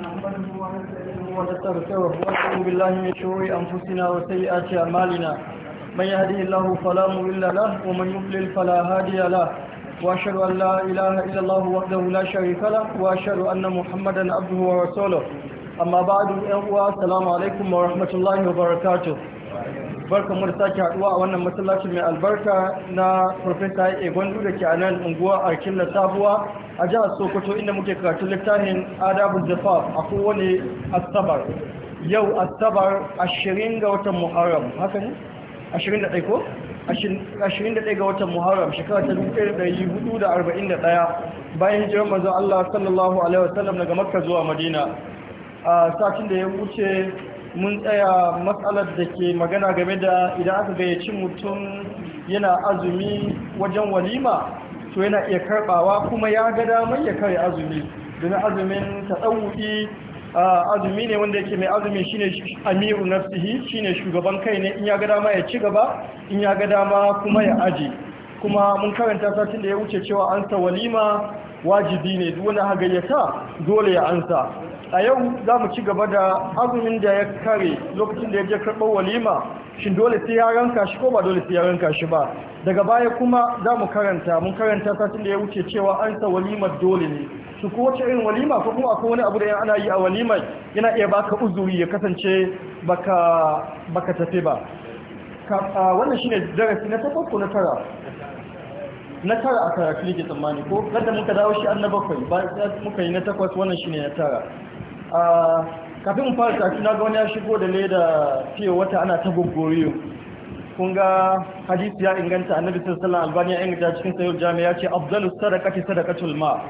نحمده ونستعينه ونستغفره ونعوذ بالله من شرور انفسنا وسيئات اعمالنا من يهده الله فلا مضل له ومن يضلل فلا هادي له واشهد ان لا اله الا الله وحده لا شريك له واشهد ان محمدا عبده ورسوله amma ba'du yan uwa assalamu alaikum wa rahmatullahi wa barkamu da sake haduwa a wannan masallacin mai albarka na professor Egon Duda ke a nan unguwa Arkilla Sabuwa a jihar sokoto inda muke karatu littafin adabun zafaf a kowane asabar yau asabar 20 ga watan muharram haka ne 21 ko 21 ga watan muharram shekara ta 1441 bayan hijirar manzon Allah sallallahu alaihi wasallam daga makka zuwa madina a satin da ya wuce mun tsaya matsalar da ke magana game da idan aka gayyaci mutum yana azumi wajen walima so yana iya karbawa kuma ya ga damar ya kare azumi don azumin tsawuki azumi ne wanda yake mai azumi shine amiru nafsihi shine shugaban kai ne in ya ga dama ya ci gaba in ya ga dama kuma ya aji kuma mun karanta satin da ya wuce cewa an ta walima wajibi ne duk wani hagayyata dole ya ansa a yau za mu ci gaba da azumin da ya kare lokacin da ya je karɓar walima shi dole sai ya ranka shi ko ba dole sai ya ranka shi ba daga baya kuma za mu karanta mun karanta satin da ya wuce cewa ansa walima dole ne su wace irin walima ko kuma akwai wani abu da ana yi a walima yana iya baka uzuri ya kasance baka baka tafi ba wannan shine darasi na takwas ko na tara na tara a karatu yake tsammani ko kada muka dawo shi an na bakwai ba muka yi na takwas wannan shi ne na tara kafin mu fara tafi na ga wani ya shigo da leda fiye wata ana ta gogoriyo kun ga hadisi ya inganta annabi sallallahu alaihi wasallam albani ya inganta cikin sayyid jami'a ya ce afdalus sadaqati sadaqatul ma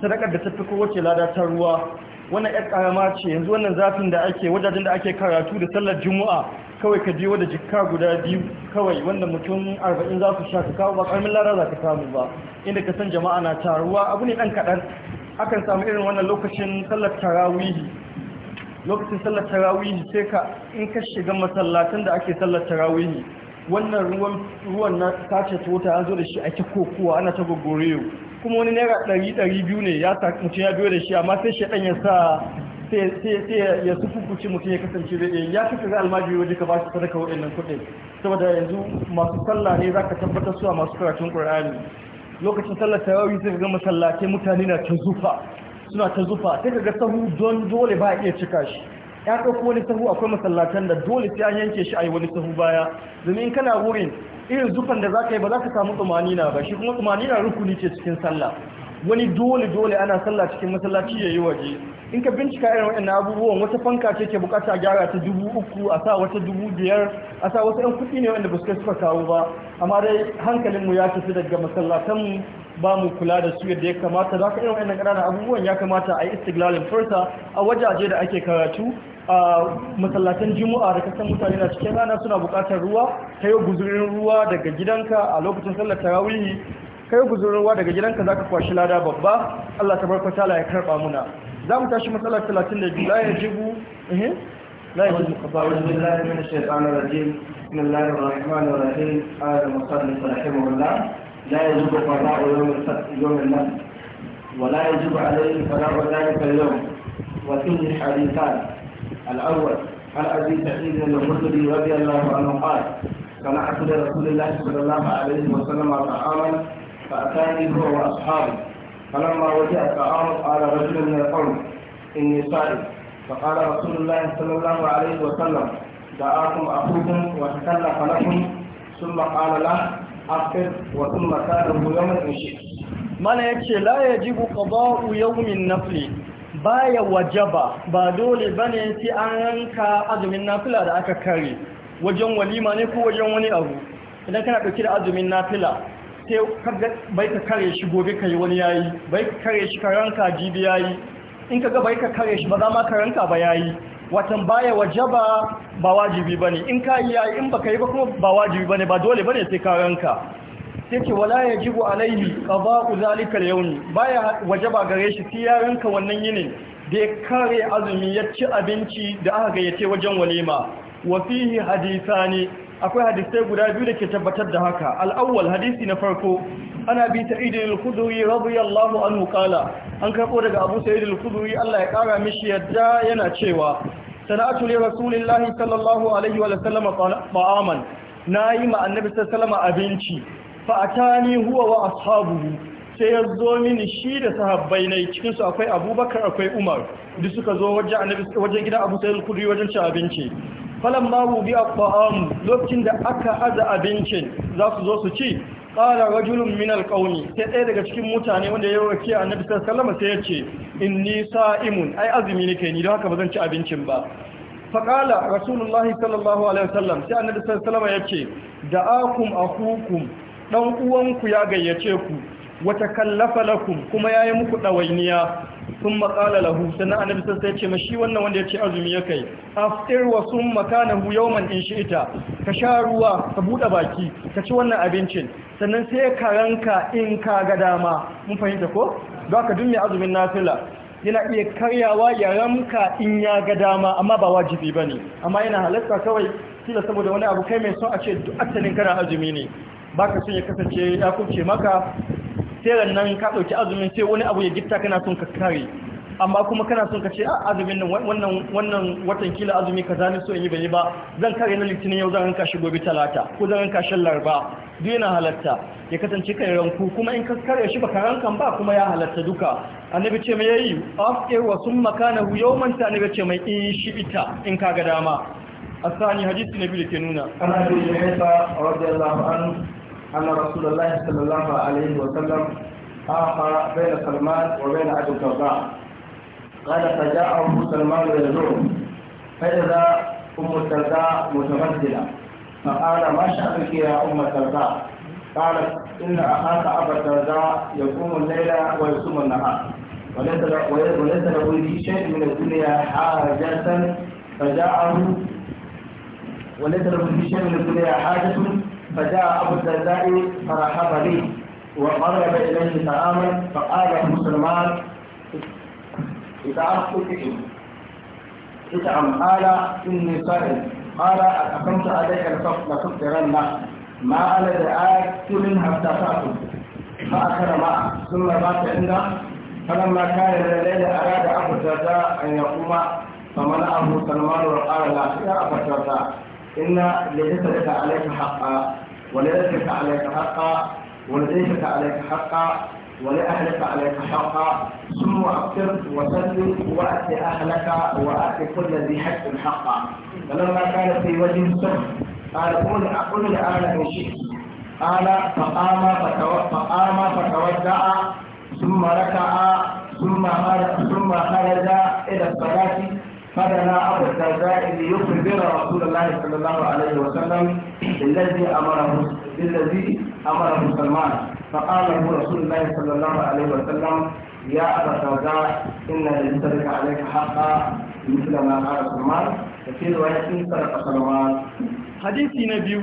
sadakar da ta fi kowace lada ta ruwa wannan yar karama ce yanzu wannan zafin da ake wajajen da ake karatu da sallar juma'a kawai ka biyo da jikka guda biyu kawai wanda mutum arba'in za su sha ka kawo ba karamin lara za ka samu ba inda ka san jama'a na taruwa abu ne ɗan kaɗan akan samu irin wannan lokacin sallar tarawihi lokacin sallar tarawihi sai ka in ka shiga masallatan da ake sallar tarawihi wannan ruwan na sace tota an zo da shi ake kokowa ana ta gogorewa kuma wani naira ɗari ɗari biyu ne ya mutum ya biyo da shi amma sai shaɗan ya sa sai ya sufukuci mutum ya kasance zai ɗaya ya fi ga almajiri waje ka ba su sadaka waɗannan kuɗi saboda yanzu masu sallah ne za ka tabbatar su a masu karatun ƙur'ani lokacin sallar tarawih sai ga masallatai mutane na ta zufa suna ta zufa sai ka ga sahu don dole ba a iya cika shi ya ɗauko wani sahu akwai masallatan da dole sai an yanke shi a yi wani sahu baya domin kana wurin irin zufan da za ka yi ba za ka samu na ba shi kuma na rukuni ce cikin sallah wani dole dole ana sallah cikin masallaci ya yi waje in ka bincika irin waɗannan abubuwan wata fanka ce ke bukata gyara ta dubu uku a sa wata dubu biyar a sa wasu yan kuɗi ne wanda ba su kai suka kawo ba amma dai hankalinmu ya tafi daga masallatanmu ba mu kula da su yadda ya kamata za ka irin na ƙananan abubuwan ya kamata a yi istiglalin farsa a wajaje da ake karatu A masallatan juma'a da kasan mutane na cikin rana suna bukatar ruwa yi guzurin ruwa daga gidanka a lokacin sallar tarawih yi guzurin ruwa daga gidanka zaka kwashi lada babba Allah ta tabaraka taala ya karba muna za mu tashi matsalar 32 la yajibu eh ya ولا يجب عليه قضاء ذلك اليوم وفيه حديثان الأول عن أبي سعيد المخدري رضي الله عنه قال صنعت لرسول الله صلى الله عليه وسلم طعاما فأتاني هو وأصحابي فلما وجع الطعام قال رجل من القوم إني صائم فقال رسول الله صلى الله عليه وسلم دعاكم أخوكم وتكلف لكم ثم قال له أفطر وثم كانه يوما إن شئت mana ya ce la ya ji qada'u yawmin nafli baya wajaba ba dole bane sai an ranka azumin nafila da aka kare wajen walima ne ko wajen wani abu idan kana dauki da azumin nafila sai kaga bai ka kare shi gobe kai wani yayi bai ka kare shi karanka jibi yayi in kaga bai ka kare shi ba za ma karanka ba yayi watan baya wajaba ba wajibi bane in ka yi yayi in baka yi ba kuma ba wajibi bane ba dole bane sai karanka yake wala yajibu alaihi qada'u zalika Ba ya baya wajaba gare shi sai yaranka wannan yinin da ya kare azumi ya ci abinci da aka gayyace wajen walima wa fihi ne. akwai hadisai guda biyu da ke tabbatar da haka al hadisi na farko ana bi sa'id al-khudri radiyallahu anhu qala an karbo daga abu sa'id al Allah ya kara mishi yadda yana cewa sana'atu li rasulillahi sallallahu alaihi wa sallam ta'aman nayi ma annabi sallallahu alaihi abinci fa'atani huwa wa ashabuhu sai ya zo mini shi da sahabbai na cikinsu akwai abubakar akwai umar da suka zo wajen gida wajen gidan abu sayyid wajen cin abinci falan babu wubi a fa'am lokacin da aka aza abincin za su zo su ci ƙara rajulun min alƙauni sai ɗaya daga cikin mutane wanda ya wake a nabi sallama sai ya ce in ni imun. ai azumi nake ni don haka ba zan ci abincin ba faƙala rasulullahi sallallahu alaihi wasallam sai annabi sallama ya ce da'akum akukum dan uwanku ya gayyace ku wata kallafa lakum kuma yayi muku dawainiya sun maƙala lahu sannan annabi sai ya ce ma shi wannan wanda ya ce azumi ya kai aftir wa makana hu yawman in shi'ita ka sha ruwa ka buɗe baki ka ci wannan abincin sannan sai ka ranka in ka ga dama mun fahimta ko ka dumme azumin nafila yana iya karyawa ya ramka in ya ga dama amma ba wajibi ba ne. amma yana halatta kawai kila saboda wani abu kai mai son a ce duk asalin kana azumi ne Ba ka sun ya kasance ya kuce maka sai nan ka ɗauki azumin sai wani abu ya gita kana son ka kare amma kuma kana son ka ce a ah, azumin nan wannan watan kila azumi ka ne so in yi bai ba zan kare na litinin yau zan ranka shi gobe talata ko zan ranka shi larba duk yana halatta ya kasance kai ranku kuma in ka kare shi baka rankan ba kuma ya halatta duka annabi ce mai yayi afkir wa sun makana, hu yau manta annabi ce mai in e, shi ita in ka ga dama asani hadisi nabi da ke nuna an hadisi ne radiyallahu anhu أن رسول الله صلى الله عليه وسلم آخى بين سلمان وبين أبي الدرداء قال فجاءه سلمان يزور فإذا أم الدرداء متمثلة فقال ما شأنك يا أم الدرداء قالت إن أخاك أبا الدرداء يقوم الليل ويصوم النهار وليس له في شيء من الدنيا حاجة فجاءه وليس له في شيء من الدنيا حاجة فجاء أبو الدرداء فرحب لي وقرب إليه طعاما فقال المسلمان إذا أخذتكم إطعم قال إني صائم قال أقمت عليك لتفطرن ما أنا دعاك منها تأكل فأخر معه ثم بات عنده فلما كان من الليل أراد أبو الدرداء أن يقوم فمنعه سلمان وقال لا يا أبا الدرداء إن لجسدك عليك حقا ولذلك عليك حقا ولديك عليك حقا ولأهلك عليك حقا ثم أبصر وسلم وأت أهلك وأت كل ذي حق حقا فلما كان في وجه السر قال قل أقول الآن إن شئت قال فقام فقام فتودع ثم ركع ثم ثم خرج إلى الصلاة فدنا أبو الدرداء يخبر رسول الله صلى الله عليه وسلم بالذي أمره بالذي أمره سلمان فقال له رسول الله صلى الله عليه وسلم يا أبا الدرداء إن لنسلك عليك حقا مثل ما قال سلمان وفي رواية سرق سلمان حديث نبي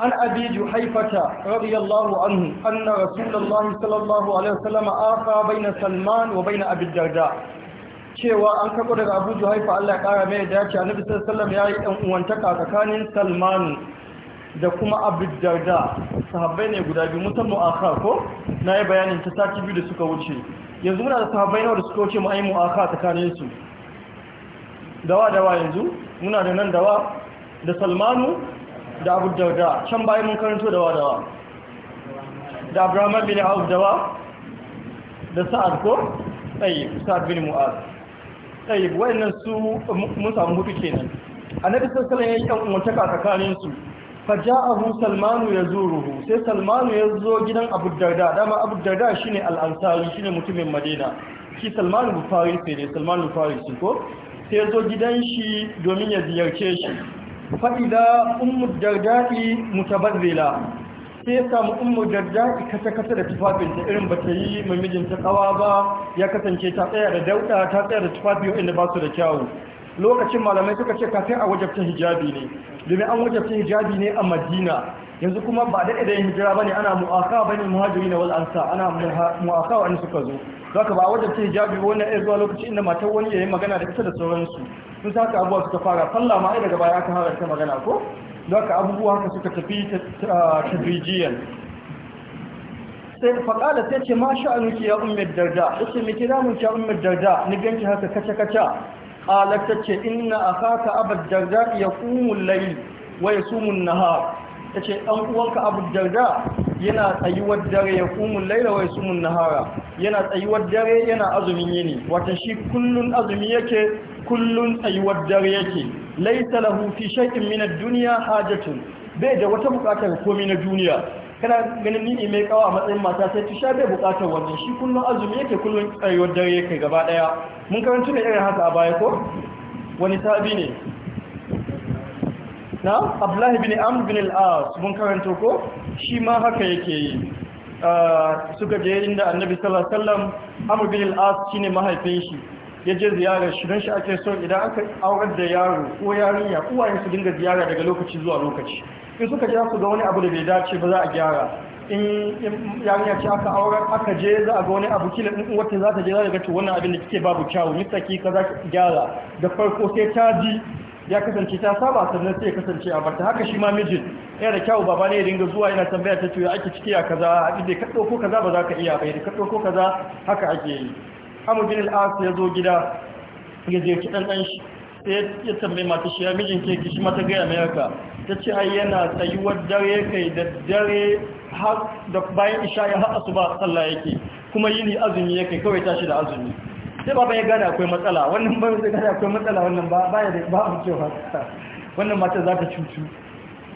عن أبي جحيفة رضي الله عنه أن رسول الله صلى الله عليه وسلم آخى بين سلمان وبين أبي الدرداء cewa an karɓo daga Abu Juhaifa Allah ya ƙara mai da ce Annabi sallallahu alaihi ya yi ɗan uwantaka tsakanin Salmanu da kuma Abu Darda sahabbai ne guda biyu mutan mu'akha ko na yi bayanin ta sati biyu da suka wuce yanzu muna da sahabbai nawa da suka wuce mu ayi mu'akha tsakanin su dawa dawa yanzu muna da nan dawa da Salmanu da Abu Darda can bayan mun karanto dawa dawa da Abraham bin Auf dawa da Sa'ad ko tsaye Sa'ad bin Mu'adh tsaye wayannan su mun samu hudu kenan annabi sallallahu alaihi wasallam ya yi umartaka tsakanin su hu salmanu yazuruhu sai salmanu ya zo gidan abu darda dama abu darda shine al-ansari shine mutumin madina shi salmanu bufari sai ne salmanu bufari ko sai ya zo gidan shi domin ya ziyarce shi fa'ida ummu dardadi mutabazzila sai ya samu ummu jarja kasa kasa da tufafinta irin ba ta yi mai mijinta kawa ba ya kasance ta tsaya da dauda ta tsaya da tufafi inda ba su da kyawu lokacin malamai suka ce kafin a wajabta hijabi ne domin an wajabta hijabi ne a madina yanzu kuma ba da idan hijira bane ana mu'aka bane muhajiri na wal'ansa ana mu'aka wa suka zo zaka ba a wajabta hijabi wannan ya zuwa lokacin inda matar wani yayin magana da kasa da sauransu sun sa ka abuwa suka fara falla ma ai daga baya aka ta magana ko don ka abubuwa haka suka tafi tadrijiyan sai faƙala sai ce ma sha'anuki ya ummar darda yace me kira mun ya ummar darda ni ganki haka kaca kaca qalat tace inna akhaka abad darda yaqumu al-layl wa yasumu an-nahar tace dan uwanka abu darda yana tsayuwar dare ya kumun laila wai sumun nahara yana tsayuwar dare yana azumin yini wata shi kullun azumi yake kullun tsayuwar dare yake laisa lahu fi shay'in min ad-dunya hajatun bai da wata ko min na duniya kana ganin ni mai kawa a matsayin mata sai tisha bai bukatar wannan shi kullun azumi yake kullun tsayuwar dare yake gaba daya mun karanta ne irin haka a baya ko wani sabi ne na abdullahi bin amr bin al-as mun karanta ko shi ma haka yake yi ah, suka je inda annabi sallallahu alaihi wasallam amr bin al-as shine mahaifin shi Yaje ziyarar shi don shi ake so idan aka aurar da yaro ko yarinya uwaye su dinga ziyara daga lokaci zuwa lokaci in suka je su ga wani abu da bai dace ba za a gyara in yarinya ce aka aurar aka je za a ga wani abu kila in wata za ta je za ta ga wannan abin da kike babu kyawu mitsaki ka za ki gyara da farko sai ta ji ya kasance ta saba sannan sai ya kasance a barta haka shi ma mijin yana da kyawu baba ne ya dinga zuwa yana tambaya ta ce ake ciki a kaza abin da ka ɗauko kaza ba za ka iya bai da ka ɗauko kaza haka ake yi amu bin al'as ya zo gida ya je ki shi sai ya tambaye mata shi ya mijin ke kishi mata gaya mai haka ta ce ai yana tsayuwar dare kai da dare da bayan isha ya haɗa su ba sallah yake kuma yi ni azumi ya kai kawai tashi da azumi sai ba ya gane akwai matsala wannan ba ya gane akwai matsala wannan ba ya da ba mu cewa wannan mata za ta cutu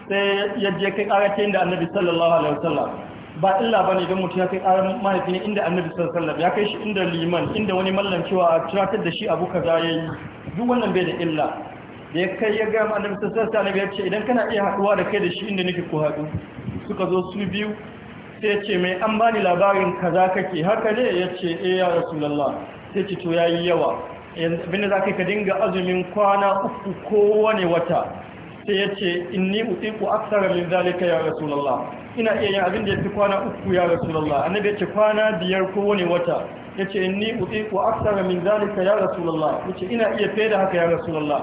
sai ya je kai ƙaratayin da annabi sallallahu alaihi wasallam ba illa bane don mutum ya kai karar mahaifi ne inda annabi sallallahu alaihi ya kai shi inda liman inda wani mallan cewa a tunatar da shi abu kaza yayi duk wannan bai da illa da ya kai ya ga annabi sallallahu alaihi ya ce idan kana iya haduwa da kai da shi inda nake ku haɗu suka zo su biyu sai ya ce mai an bani labarin kaza kake haka ne ya ce eh ya rasulullah sai ce to yayi yawa da za ka dinga azumin kwana uku kowane wata sai ya ce inni utiku aksara min zalika ya rasulullah ina iya yin abin da ya fi kwana uku ya rasulallah annabi ya ce kwana biyar ko wani wata ya ce ni utiku aksara min zalika ya rasulallah ya ce ina iya fiye da haka ya rasulallah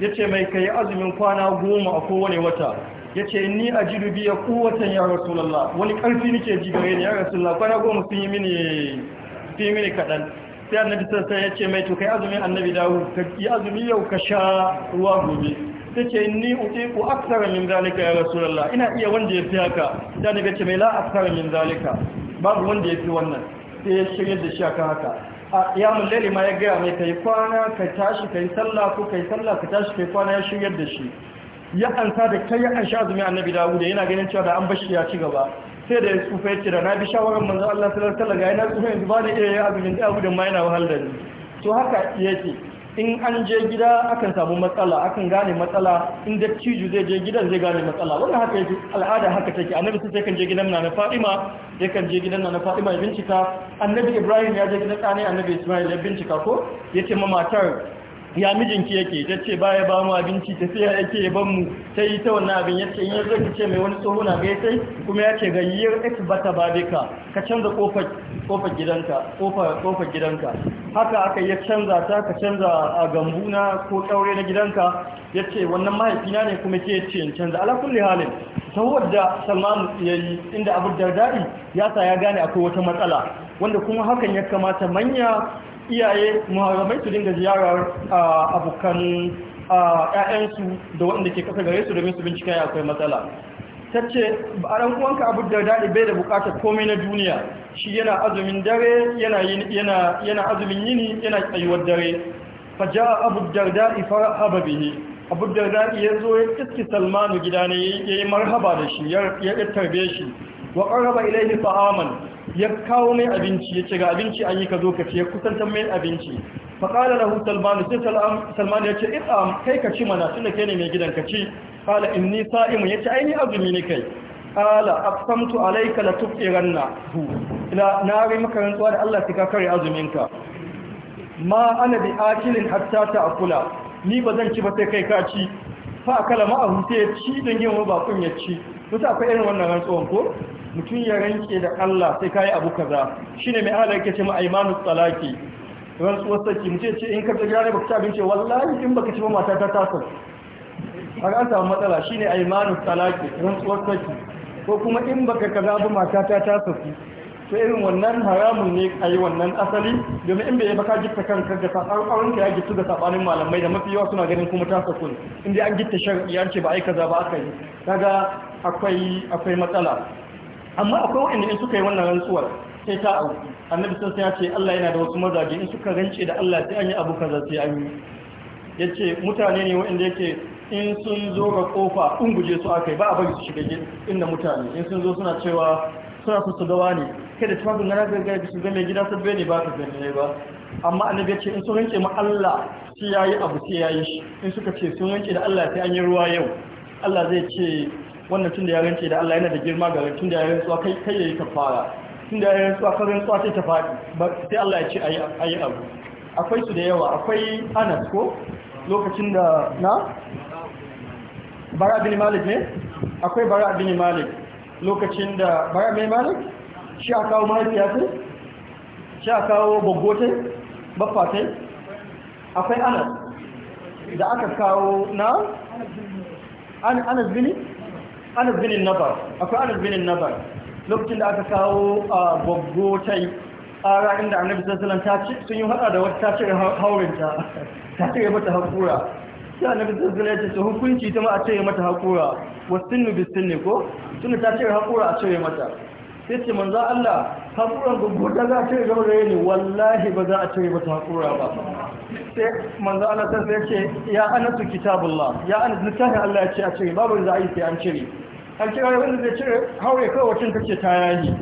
ya ce mai kai azumin kwana goma a kowane wata ya ce ni a jiru biya kowatan ya rasulallah wani ƙarfi nake ji gare ni ya rasulallah kwana goma sun yi mini kaɗan sai annabi sassa ya ce mai to kai azumin annabi dawo ka yi azumi yau ka sha ruwa gobe ta ce ni uke ku aksara min zalika ya rasulallah ina iya wanda ya fi haka da daga ce mai la aksara min zalika babu wanda ya fi wannan sai ya shirya da shi akan haka a yamun ma ya gaya mai kai kwana ka tashi kai sallah ko kai sallah ka tashi kai kwana ya shirya da shi ya ansa da kai ya ansha azumi annabi dawuda yana ganin cewa da an bashi ya ci gaba sai da ya tsufa ya da na bi shawarar manzo Allah sallallahu alaihi wasallam ga yana tsufa yanzu ba ni iya azumin dawuda ma yana wahal da ni to haka yake in an je gida akan samu matsala akan gane matsala in dattijo zai je gidan zai gane matsala wannan haka yake al'ada haka take annabi sun sai kan je gidan nana Fatima kan je gidan nana Fatima ya bincika annabi Ibrahim ya je gidan ɗane annabi Ismail ya bincika ko yace ma matar ya mijinki yake ta ce baya ba mu abinci tafiya yake ban mu ta yi ta wannan abin yace in yanzu ki ce mai wani tsoho na gai sai kuma ya ce ga yiyar ex bata babeka ka canza kofar kofar gidanka kofar kofar gidanka haka aka ya canza ta ka canza a gambuna ko kaure na gidanka yace wannan mahaifina ne kuma ke ce canza ala kulli halin saboda Salmanu yayi inda Abu Darda'i ya sa ya gane akwai wata matsala wanda kuma hakan ya kamata manya iyaye muharramai su dinga ziyarar abokan 'ya'yansu da waɗanda ke kasa gare su domin su bincika ya akwai matsala ta ce a ɗan uwanka abu da daɗi bai da buƙatar komai na duniya shi yana azumin dare yana azumin yini yana tsayuwar dare faja abu da daɗi hababi ne abu da daɗi ya zo ya iski salmanu gida ne ya yi marhaba da shi ya tarbe shi wa ƙarraba ilaihi ta'aman ya kawo mai abinci ya ce ga abinci an yi ka zo ka ce kusantar mai abinci faƙala lahu salmanu sai salmanu ya ce ita kai ka ci mana da kai ne mai gidan ka ci ƙala in ni sa'imu ya ce aini azumi ne kai ƙala samtu alaika la tufiran na hu ila na rai maka rantsuwa da Allah ka kare azuminka ma ana bi akilin hatta ta akula ni ba zan ci ba sai kai ka ci fa ma ma'ahu sai ya ci don yin wa bakun ya ci mutu akwai irin wannan rantsuwan ko mutum ya ranke da Allah sai kai abu kaza shine mai Allah yake ce ma aymanu talaki rantsuwar saki mu ce in ka ga ne baka ci abinci wallahi in baka ci ba mata ta tasa har an samu matsala shine aymanu salati rantsuwar saki ko kuma in baka kaza ba mata ta tasa to irin wannan haramun ne a yi wannan asali domin in bai baka gitta kanka da auren ka ya gittu da sabanin malamai da mafi yawa suna ganin kuma ta sakun in dai an gitta shar'i an ce ba ai kaza ba aka yi kaga akwai matsala amma akwai wa'anda in suka yi wannan rantsuwar sai ta abu annabi sun sai ya ce Allah yana da wasu mazaje in suka rance da Allah sai an yi abu kaza sai an yi ya ce mutane ne wa'anda yake in sun zo ga kofa in guje su yi ba a bari su shiga inda mutane in sun zo suna cewa suna su su gawa ne kai da tafafin na ragar su zame mai gida sabbe ne ba ka gani ne ba amma annabi ce in sun rinke ma Allah sai yayi abu sai yayi shi in suka ce sun rinke da Allah sai an yi ruwa yau Allah zai ce wannan tun da ya rance da Allah yana da girma ga tun da ya rantsuwa kai kai yayi kafara tun da ya rantsuwa ka rantsuwa sai ta faɗi sai Allah ya ce ayi ayi abu akwai su da yawa akwai Anas ko lokacin da na Bara bin Malik ne akwai Bara bin Malik lokacin da Bara bin Malik shi aka kawo mahaifiya ce shi aka kawo gogote baffatai akwai Anas da aka kawo na Anas bini anas bin nabar akwai anas bin nabar lokacin da aka kawo a babbo tai ara inda annabi sallallahu ta ce sun yi hada da wata ta cire haurin ta ta cire mata haƙura. sai annabi sallallahu alaihi ta ya hukunci ta ma a cire mata haƙura. Wasu sinu wasinnu sinu ko Suna ta cire haƙura a cire mata sai ce za Allah haƙuran gurgurda za a cire gaba da yini wallahi ba za a cire mata haƙura ba sai za Allah sai ce ya anasu kitabullah ya anas littafin Allah ya ce a cire babu za a yi sai an cire an kira wanda zai cire haure kawai wacin kake ta yayi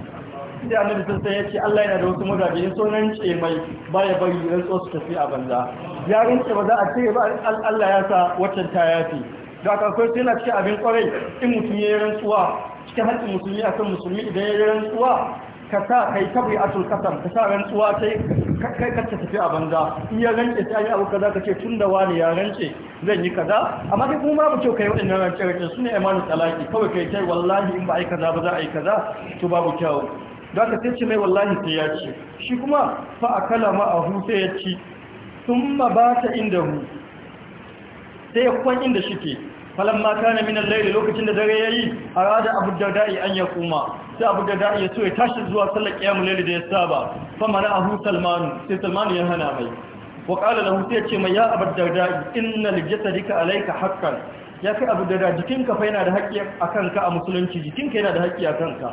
da annabi sun sai yace Allah yana da wasu mazaje in sonan ce mai baya bari ran so su tafi a banza ya rinke ba za a ce ba Allah ya sa wacin ta yafi da aka kai sai na abin kwarai in mutum ya yi rantsuwa cikin haƙƙin musulmi akan musulmi idan ya yi rantsuwa ka sa kai ta bai asul ka sa rantsuwa sai kai ka tafi a banza in ya rance sai yi abu kaza ka tun da wani ya rance zan yi kaza amma dai kuma babu kyau kai wadannan rance rance su ne imanu talaki kawai kai kai wallahi in ba a kaza ba za a yi kaza to babu kyau da ka sai ce mai wallahi sai ya ci shi kuma fa akala ma a ya ci sun ma ba ta inda hu sai kwan inda shi ke falamma kana min al-layl lokacin da dare yayi arada abu darda'i an ya kuma sai abu darda'i ya so ya tashi zuwa sallar qiyamul layl da ya saba fa mana abu salman sai salman ya hana mai wa qala lahu sai ce mai ya abu darda'i inna li jasadika alayka haqqan ya kai abu darda'i jikinka fa yana da haƙƙi akan ka a musulunci jikinka yana da haƙƙi akan ka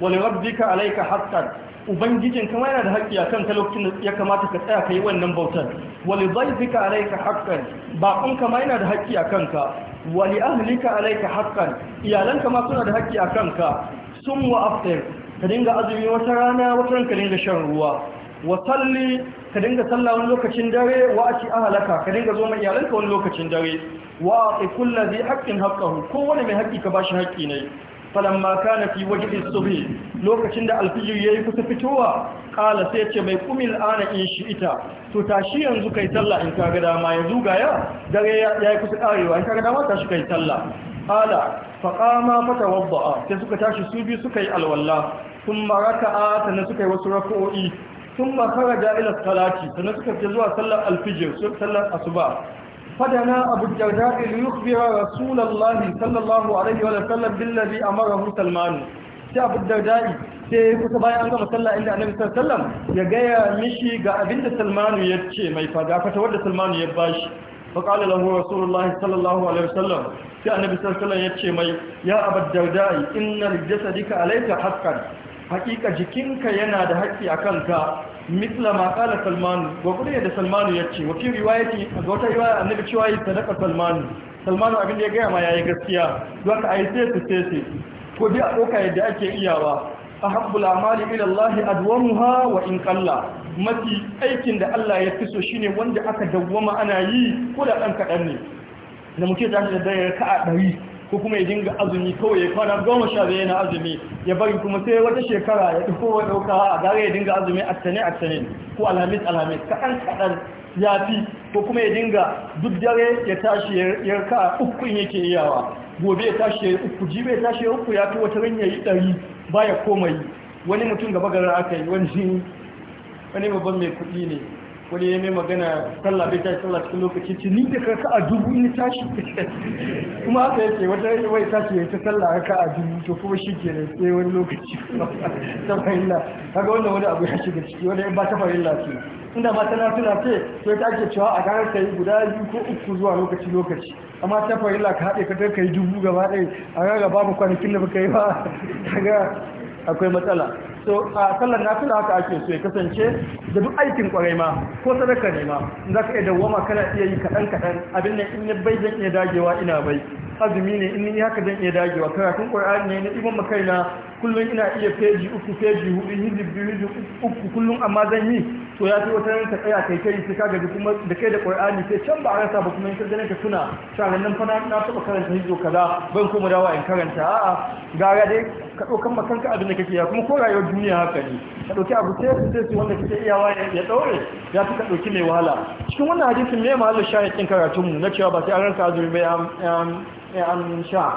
wani rabbika alaika haqqan ubangijin kama yana da haƙƙi akan ta lokacin ya kamata ka tsaya kai wannan bautar wani zaifika alaika haqqan bakon kama yana da haƙƙi akan ka wani ahlika alaika haqqan iyalan kama suna da haƙƙi akan ka sun wa aftar ka dinga azumi wata rana wata ranka dinga shan ruwa wa salli ka dinga sallah wani lokacin dare wa aki ahalaka ka dinga zo mai iyalanka wani lokacin dare wa ati kulla zai haqqin haqqahu kowane mai haƙƙi ka bashi haƙƙi ne falamma kana fi wajhi subhi lokacin da alfijir yayi kusa fitowa kala sai ce mai kumin ana in shi ita to tashi yanzu kai sallah in kaga dama yanzu ga ya dare yayi kusa karewa in kaga dama tashi kai sallah kala fa qama fatawadda sai suka tashi su biyu suka yi alwala thumma raka'a sannan suka yi wasu raka'o'i thumma kharaja ila salati sannan suka fita zuwa sallar alfijir sallar asuba فدنا أبو الدرداء ليخبر رسول الله صلى الله عليه وسلم بالذي أمره سلمان sai abu dardari sai kusa bayan an gama sallah inda annabi sallallahu alaihi wasallam ya gaya mishi ga abinda salmanu ya ce mai fada fata wanda salmanu ya bashi fa qala lahu rasulullahi sallallahu alaihi wasallam sai annabi sallallahu alaihi wasallam ya ce mai ya abu dardari innal jasadika alayka haqqan hakika jikinka yana da haƙƙi a kanka mitla ma kala salmanu gwagwada yadda salmanu ya ce wafi ce a wata riwaya annabi cewa yi sadaka salmanu salmanu abin da ya gaya ma ya yi gaskiya don ka aise su sese ko bi a ɗauka yadda ake iyawa a haɓɓul amali ilallahi adwamuha wa in kalla mafi aikin da Allah ya fi so shine wanda aka dawwama ana yi ko da ɗan kaɗan ne da muke tashi da dare ka a ɗari ko kuma ya dinga azumi kawai ya kwana goma sha biyu yana azumi ya bari kuma sai wata shekara ya ɗauko wa ɗauka a gare ya dinga azumi a tane a tane ko alhamis alhamis kaɗan kaɗan ya fi ko kuma ya dinga duk dare ya tashi ya ka uku in yake iyawa gobe ya tashi ya uku jibe ya tashi ya uku ya fi wata ranya ya yi ɗari baya komai wani mutum gaba gara aka yi wani babban mai kuɗi ne wani ya magana sallah bai tashi sallah cikin lokaci ce ni da karka a dubu in tashi kuma haka yake wata yake wai tashi ya ta sallah haka a dubu to kuma shi ke nan sai wani lokaci ta fahimla haka wannan wani abu ya shiga ciki wani ba ta fahimla ce inda ma tana tuna ce to ta ake cewa a ta yi guda biyu ko uku zuwa lokaci lokaci amma ta fahimla ka haɗe ka ta kai dubu gaba ɗaya a ranar babu kwanakin da baka yi ba ga akwai matsala so a sallar nafila haka ake so ya kasance da duk aikin kwarai ma ko sadaka ne ma za ka iya dawoma kana iya yi kaɗan kaɗan abin nan in bai zan iya dagewa ina bai azumi ne in yi haka zan iya dagewa karatun qur'ani ne na ibn makaina kullum ina iya feji uku feji hudu hizib biyu uku kullum amma zan yi to ya fi wata ka tsaya kai kai sai kaga kuma da kai da Qur'ani sai can ba a rasa ba kuma in kaga ka tuna shagan nan fa na taba karanta hizo kaza ban kuma dawa in karanta a'a gara dai ka ma kanka abin da kake ya kuma ko rayuwar duniya haka ne ka doki abu sai sai su wanda kake waye ya daure ya fi ka ɗauki mai wahala cikin wannan hadisin me mahallin shahid din karatun mu na cewa ba sai an rasa azumi ba an sha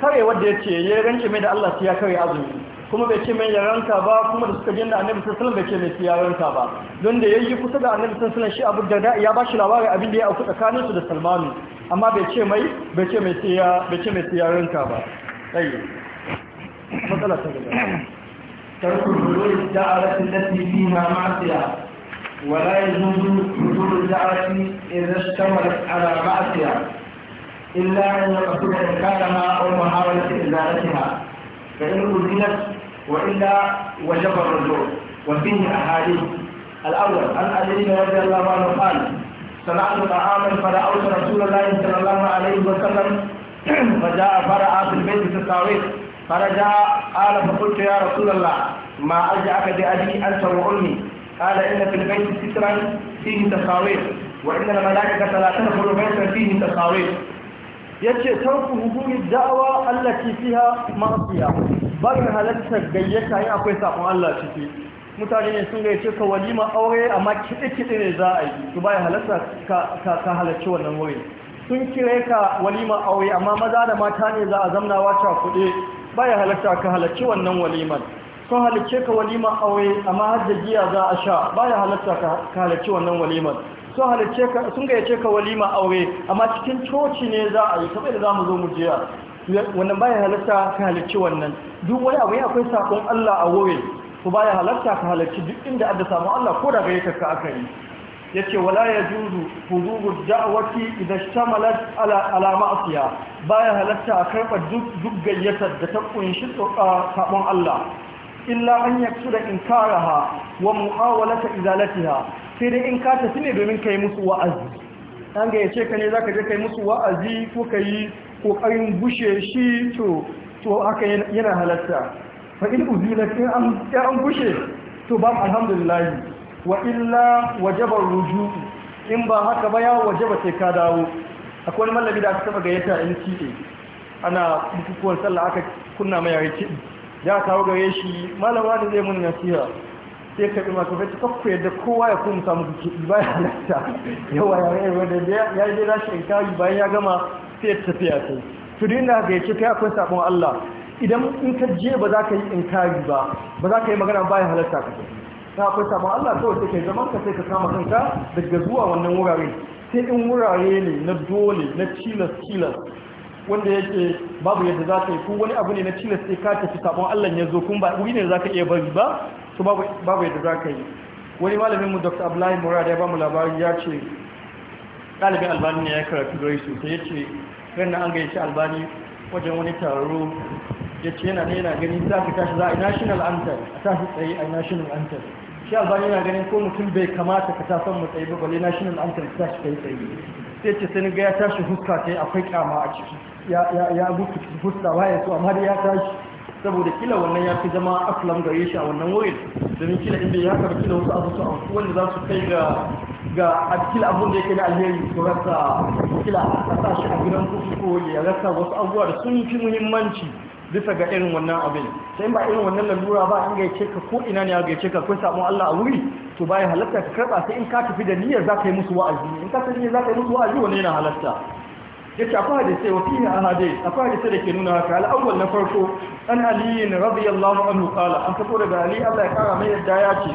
kare wadda ya ce ya ranke mai da Allah sai ya kare azumi kuma bai ce mai ya ranka ba kuma da suka je da annabi sallallahu alaihi wasallam bai ce mai sai ya ranka ba don da yayi kusa da annabi sallallahu alaihi wasallam shi Abu Darda ya ba shi labarin abin da ya auku tsakanin su da Salmanu amma bai ce mai bai ce mai ya bai ce mai ya ranka ba sai matsala ta gaba ترك حلول الدعوة التي فيها معصية ولا يجوز حلول الدعوة إذا اشتملت على معصية إلا أن يقصد إنكارها أو محاولة إزالتها فإن أزيلت وإلا وجب الرجوع وفيه أحاديث الأول عن علي رضي الله عنه قال صنعت طعاما فرأوت رسول الله صلى الله عليه وسلم فجاء فرأى في البيت في فرجع قال فقلت يا رسول الله ما أرجعك بأبي أنت وأمي قال إن في البيت سترا فيه تصاوير وإن الملائكة لا تدخل بيتا فيه تصاوير yace tarku hudumi da'awa allati fiha ma'siya bayan halatta gayyata yin akwai sabon Allah ciki mutane ne sun gayyace ka walima aure amma kiɗe kiɗe ne za a yi to bayan halatta ka ka halarci wannan wuri sun kire ka walima aure amma maza da mata ne za a zamna wata kuɗe bayan halatta ka halarci wannan walimar sun halarce ka walima aure amma har da giya za a sha bayan halatta ka halarci wannan walimar sun halice ka sun gayyace ka walima aure amma cikin coci ne za a yi kamar da zamu zo mu jiya wannan baya halarta ka halarci wannan duk wani abu akwai sakon Allah a wurin to baya halarta ka halarci duk inda aka samu Allah ko da gayyata ka aka yi yace wala yajuzu huduru da'wati idan shamalat ala ala ma'siya baya halatta a karba duk gayyatar da ta kunshi sakon Allah illa an yaksuda inkaraha wa muhawalata izalatiha sai dai in ka tafi ne domin kai musu wa'azi an ga yace ka ne zaka je kai musu wa'azi ko kai kokarin bushe shi to to haka yana halatta fa in an an bushe to ba alhamdulillah wa illa wajaba ruju in ba haka ba ya wajaba sai ka dawo akwai malami mallami da aka taba gayyata NTA ana bukukuwan sallah aka kunna mai yare ya kawo gare shi malama da zai mun nasiha sai ka ɗuma ka fata kakku yadda kowa ya kuma samu kuɗi ba ya halatta yawa ya yi wanda ya yi za shi in kari bayan ya gama sai ya tafiya sai kai to duk inda ga yace kai akwai sabon Allah idan in ka je ba za ka yi in kari ba ba za ka yi magana ba ya halatta ka ta akwai sabon Allah kawai sai yi zaman ka sai ka kama kanka daga zuwa wannan wurare sai in wurare ne na dole na cilas cilas wanda yake babu yadda za ka yi kun wani abu ne na cilas sai ka tafi sabon Allah ya zo kun ba wuri ne za ka iya bari ba to babu yadda za ka yi wani malamin mu Dr. Abdullahi Murad ya ba mu labari ya ce ɗalibin albani ne ya karatu gari sosai ya ce ran an gayyaci albani wajen wani taro ya ce yana ne yana gani za ka tashi za a yi national anthem a tashi tsaye a national anthem shi albani yana ganin ko mutum bai kamata ka ta san matsayi ba balle national anthem ta tashi tsaye tsaye sai ce sai ga ya tashi huska sai akwai kyama a ciki ya gusta ya su amma ya tashi saboda kila wannan ya fi zama aflan gare shi a wannan wurin domin kila inda ya karbi kila wasu abu su amfu wanda za su kai ga ga kila abun da ya kai na alheri su rasa kila a sa shi a gidan kuku ko ya rasa wasu abubuwa da sun fi muhimmanci bisa ga irin wannan abin sai ba irin wannan lalura ba in ce ka ko ina ne ya ce ka kun samu Allah a wuri to bayan halatta ka karba sai in ka tafi da niyyar za ka yi musu wa'azi in ka tafi da za ka yi musu wa'azi wani yana halatta yace akwai hadisi wa fihi ahadi akwai hadisi da ke nuna haka al-awwal na farko an ali radiyallahu anhu qala an fako daga ali Allah ya kara mai yadda ya ce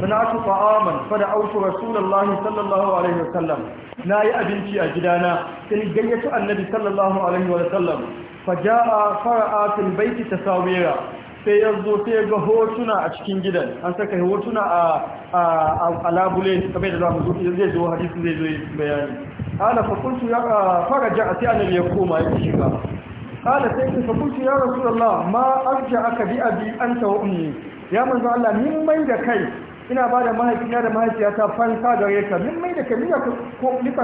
sanatu fa'aman fa da da'awtu rasulullahi sallallahu alaihi wasallam nayi abinci a gidana sai gayyato annabi sallallahu alaihi wasallam fa jaa fara'a fil baiti tasawira sai ya zo sai ya ga hotuna a cikin gidan an saka hotuna a labule kamar da za mu zuwa zai zo hadisi zai zo bayani ala fakultu ya fara ja'a sai annabi ya koma ya shiga ala sai ya fakultu ya rasulullah ma arja aka bi abi anta wa ummi ya manzo Allah min mai da kai ina ba da mahaifina da mahaifiyata fanka gare ka min mai da ka nika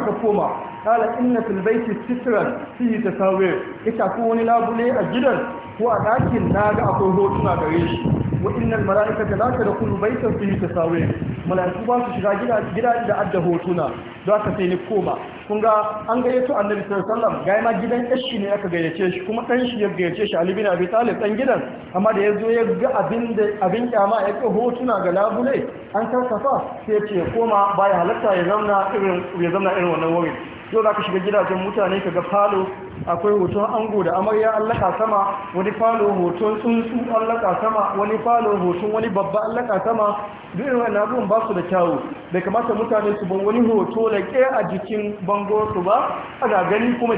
ka koma kala inna fil baiti sitran fi tasawir ita ko wani labule a gidan ko a dakin na ga akwai hotuna gare shi wa innal mala'ikata la tadkhulu baytan ta tasawir mala'iku ba su shiga gida gida da adda hotuna za ka sai ni koma kun ga an gayyato annabi sallallahu alaihi wasallam gai ma gidan kashi ne aka gayyace shi kuma dan shi ya gayyace shi Ali bin Abi Talib dan gidan amma da yazo ya ga abin da abin kyama ya ga hotuna ga labule an karkafa sai ya ce koma baya halatta ya zauna irin ya zauna irin wannan wurin zo za ka shiga gidajen mutane ka ga falo akwai hoton ango da amarya allaka sama wani falo hoton tsuntsu allaka sama wani falo hoton wani babba allaka sama duk irin wannan abubuwan ba su da kyawu bai kamata mutane su ban wani hoto da ke a jikin bango su ba a ga gani kuma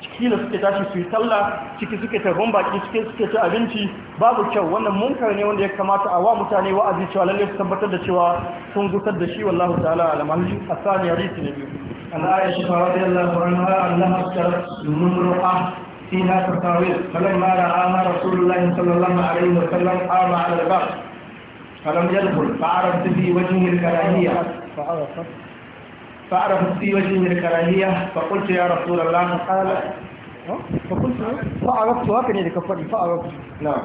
ciki da suke tashi su yi talla ciki suke tarbon baki suke suke ci abinci babu kyau wannan munkar ne wanda ya kamata a wa mutane wa'azi cewa lalle su tabbatar da cewa sun gusar da shi wallahu ta'ala a asani hadisi biyu عن عائشة رضي الله عنها أنها اشترت ممرقة فيها تصاوير فلما رآها رسول الله صلى الله عليه وسلم قام على الباب فلم يدخل فعرفت في وجهه الكراهية فعرفت في وجهه الكراهية فقلت يا رسول الله قال فقلت فعرفت هكذا كفري فعرفت نعم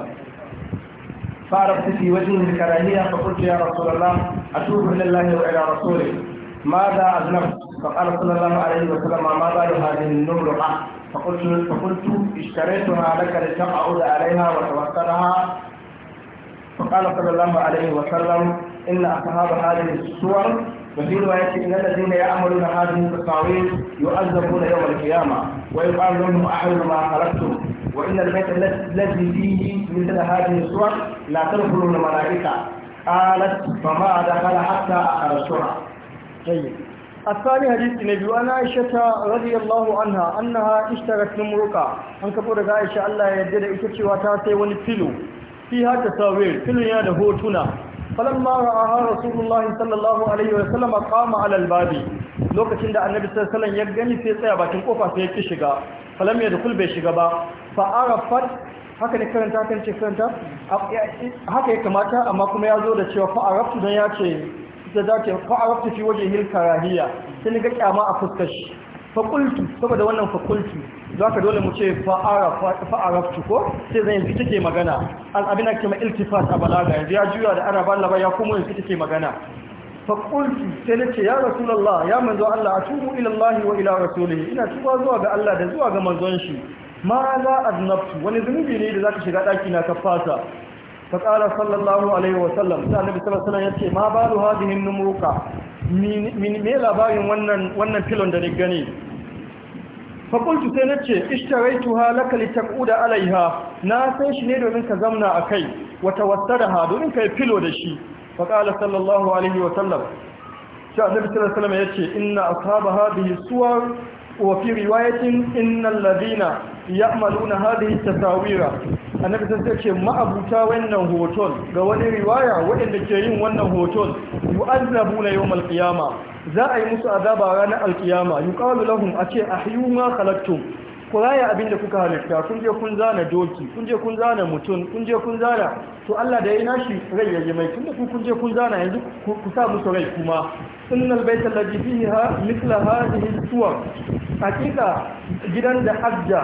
فعرفت في وجهه الكراهية فقلت يا رسول الله أتوب إلى الله وإلى رسوله ماذا أذنبت فقال صلى الله عليه وسلم ما بال هذه النملقة فقلت فقلت اشتريتها لك لتقعد عليها وتوكلها فقال صلى الله عليه وسلم إن أصحاب هذه الصور وفي رواية إن الذين يعملون هذه التصاوير يعذبون يوم القيامة ويقال لهم أحل ما خلقتم وإن البيت الذي فيه مثل هذه الصور لا تدخل الملائكة قالت فما دخل حتى الصورة طيب الثاني حديث النبي وأنا عائشة رضي الله عنها أنها اشترت نمرقة أن كبر عائشة الله يدد إتشي وتاتي ونفلو فيها تصاوير فيلو يانا هو تنا فلما رآها رسول الله صلى الله عليه وسلم قام على الباب lokacin da annabi sallallahu alaihi ya gani sai tsaya bakin kofa sai yaki ki shiga falam ya bai shiga ba haka ne karanta kan ce karanta haka ya kamata amma kuma ya zo da cewa fa araftu ya ce da ko a arafta fi waje hil karahiya sai ni ga kyama a fuskar shi fa qultu saboda wannan fa qultu ka dole mu ce fa arafa ko sai zan yanzu take magana an abin ake ma iltifat a balaga yanzu ya juya da araba Allah ba ya kuma yanzu take magana fa qultu sai nace ya rasulullah ya manzo Allah atubu ila Allah wa ila rasulihi ina tuba zuwa ga Allah da zuwa ga manzon shi ma za aznabtu wani zunubi ne da za ta shiga daki na ka fasa فقال صلى الله عليه وسلم النبي صلى الله عليه وسلم ما بال هذه النمرق من ميلا باين wannan wannan filon da ni gani fakultu sai nace ishtaraytuha laka litaq'uda alaiha na sai shi ne domin ka zamna akai wa tawassadaha domin kai filo da shi faqala sallallahu alaihi wa sallam sai annabi sallallahu alaihi wa sallam yace inna ashaba hadhihi suwar ya'maluna hadhihi sawira. annabi sun ce ma'abuta wannan hoton ga wani riwaya waɗanda ke yin wannan hoton yu'azzabu na yawmal qiyama za a yi musu azaba ranar alkiyama yuqalu lahum ace ahyu ma khalaqtum ku raya abinda kuka halitta kun je kun zana doki kun je kun zana mutum kun je kun zana to Allah da ya nashi rai yayi mai tunda ku kun je kun zana yanzu ku sa musu rai kuma innal baita alladhi fiha mithla hadhihi suwar hakika gidan da hajja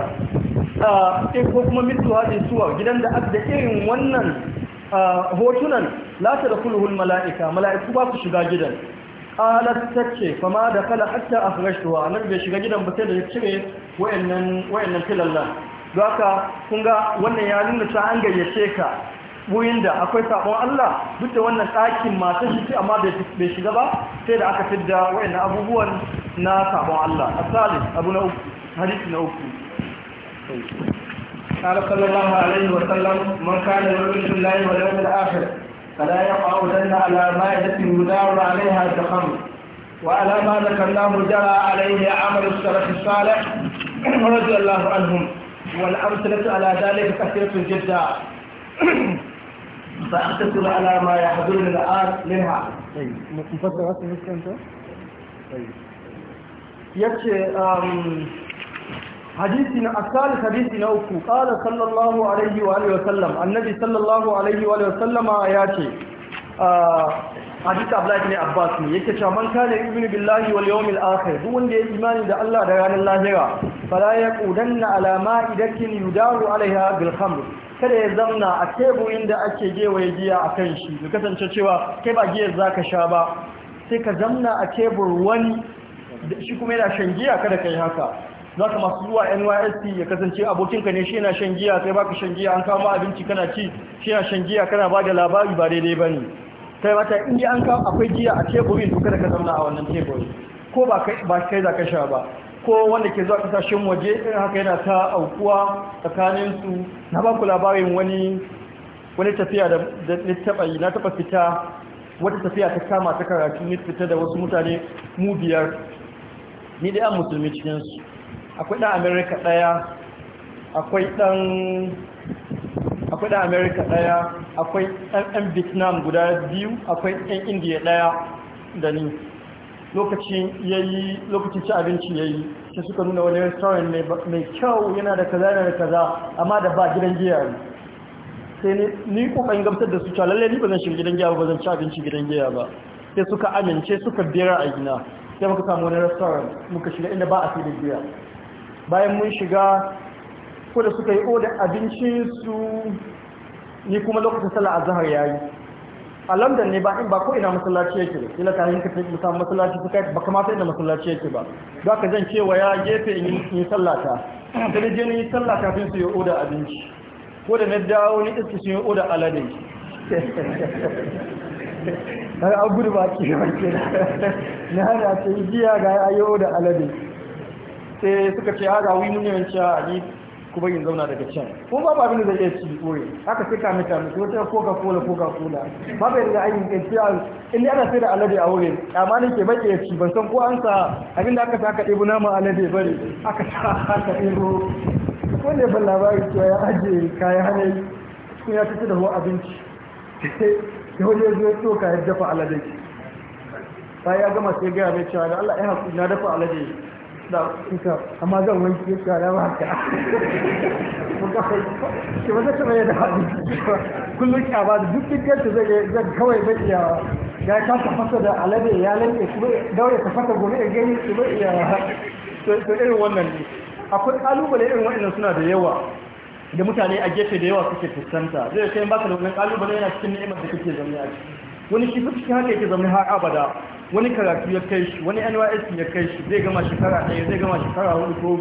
in ko kuma mitu hadin suwa gidan da da irin wannan hotunan la ta da kulhul mala'ika mala'iku ba su shiga gidan qalat tace fa da kala hatta akhrajtuha annabi bai shiga gidan ba sai da ya cire wayannan wayannan filallan don haka kun wannan ya nuna ta an gayyace ka wurin da akwai sabon Allah duk da wannan ɗakin masu shi amma bai shiga ba sai da aka fidda wayannan abubuwan na sabon Allah asali abu na uku hadisi na uku قال صلى الله عليه وسلم من كان يؤمن بالله واليوم الاخر فلا يقع لنا على مائدة يدار عليها الدخم وعلى ما ذكرناه جرى عليه عمل السلف الصالح رضي الله عنهم والأمثلة على ذلك كثيرة جدا فأقتصر على ما يحضرني الآن منها مفضل أنت؟ يكشي hadisi asali hadisi na uku qala sallallahu alaihi wa wa sallam annabi sallallahu alaihi wa wa sallama ya ce hadisi Abdullahi ne Abbas ne yake cewa man kana yu'minu billahi wal yawmil akhir duk wanda ya imani da Allah da ranar lahira fala yaqudanna ala ma'idatin yudaru alaiha bil khamr kada ya zamna a teburin da ake gewaye giya a kan shi da kasance cewa kai ba giyar za ka sha ba sai ka zamna a tebur wani shi kuma yana shan giya kada ka yi haka za ka masu zuwa nysc ya kasance abokinka ne shi yana shan giya sai baka shan giya an kama abinci kana ci shi yana shan giya kana ba da labari ba daidai ba ne sai mata in yi an kama akwai giya a teburin to kada ka zauna a wannan teburin ko ba kai za ka sha ba ko wanda ke zuwa kasashen waje irin haka yana ta aukuwa tsakanin su na ba ku labarin wani wani tafiya da na yi na taba fita wata tafiya ta kama ta karatu ni fita da wasu mutane mu biyar ni dai an musulmi cikin su akwai ɗan amerika ɗaya akwai ɗan akwai ɗan amerika ɗaya akwai ɗan ɗan vietnam guda biyu akwai ɗan indiya ɗaya da ni lokacin yi lokacin ci abinci yi, sai suka nuna wani restaurant mai kyau yana da kaza yana da kaza amma da ba gidan giya ne sai ne ni kokarin gamsar da su cewa lalle ni ba zan shiga gidan giya ba ba zan ci abinci gidan giya ba sai suka amince suka bera a gina sai muka samu wani restaurant muka shiga inda ba a fi da giya bayan mun shiga ko da suka yi oda abincinsu ni kuma lokacin sallah ya yayi a london ne ba in ba ko ina masallaci yake ba ila ka yanka ta musamman masallaci suka ba kamata inda masallaci yake ba za ka zan cewa ya gefe in yi sallata da je yi sallata fi su yi oda abinci ko da na dawo ni iska su yi oda alade har an gudu ba ke na hana ta yi jiya ga ayo da alade sai suka ce haga ah, wi mun yawanci a ali kuma yin zauna daga can ko ba ba abin da zai iya ci ɓoye haka sai kame kame ko ta koka kola koka kola ba bai da ayin kai sai inda ana sai da alade a wurin amma ne ke bake ci ban san ko an sa abin da aka sa aka ɗebo nama alade bare aka sa aka ɗebo ko ne ban labari cewa ya ajiye kayan hanayi sun ya fito da ruwa abinci da wani ya zo ya toka ya dafa alade bayan ya gama sai gaya mai cewa da Allah ya haƙu na dafa alade ita amma zan wanke shi da ba ta shi wata ta bayyana hali kullum ki ba duk dukkan ta zai zan kawai bai iya ga ka ta fasa da alade ya lanke shi bai daure ta fasa gobe ya gani shi bai iya to irin wannan ne akwai kalubale irin wannan suna da yawa da mutane a gefe da yawa suke fuskanta zai kai baka da wannan kalubale yana cikin ni'imar da kake zaune a ciki wani shi cikin haka yake zaune har abada wani karatu ya kai shi wani nysc ya kai shi zai gama shekara ɗaya zai gama shekara hudu ko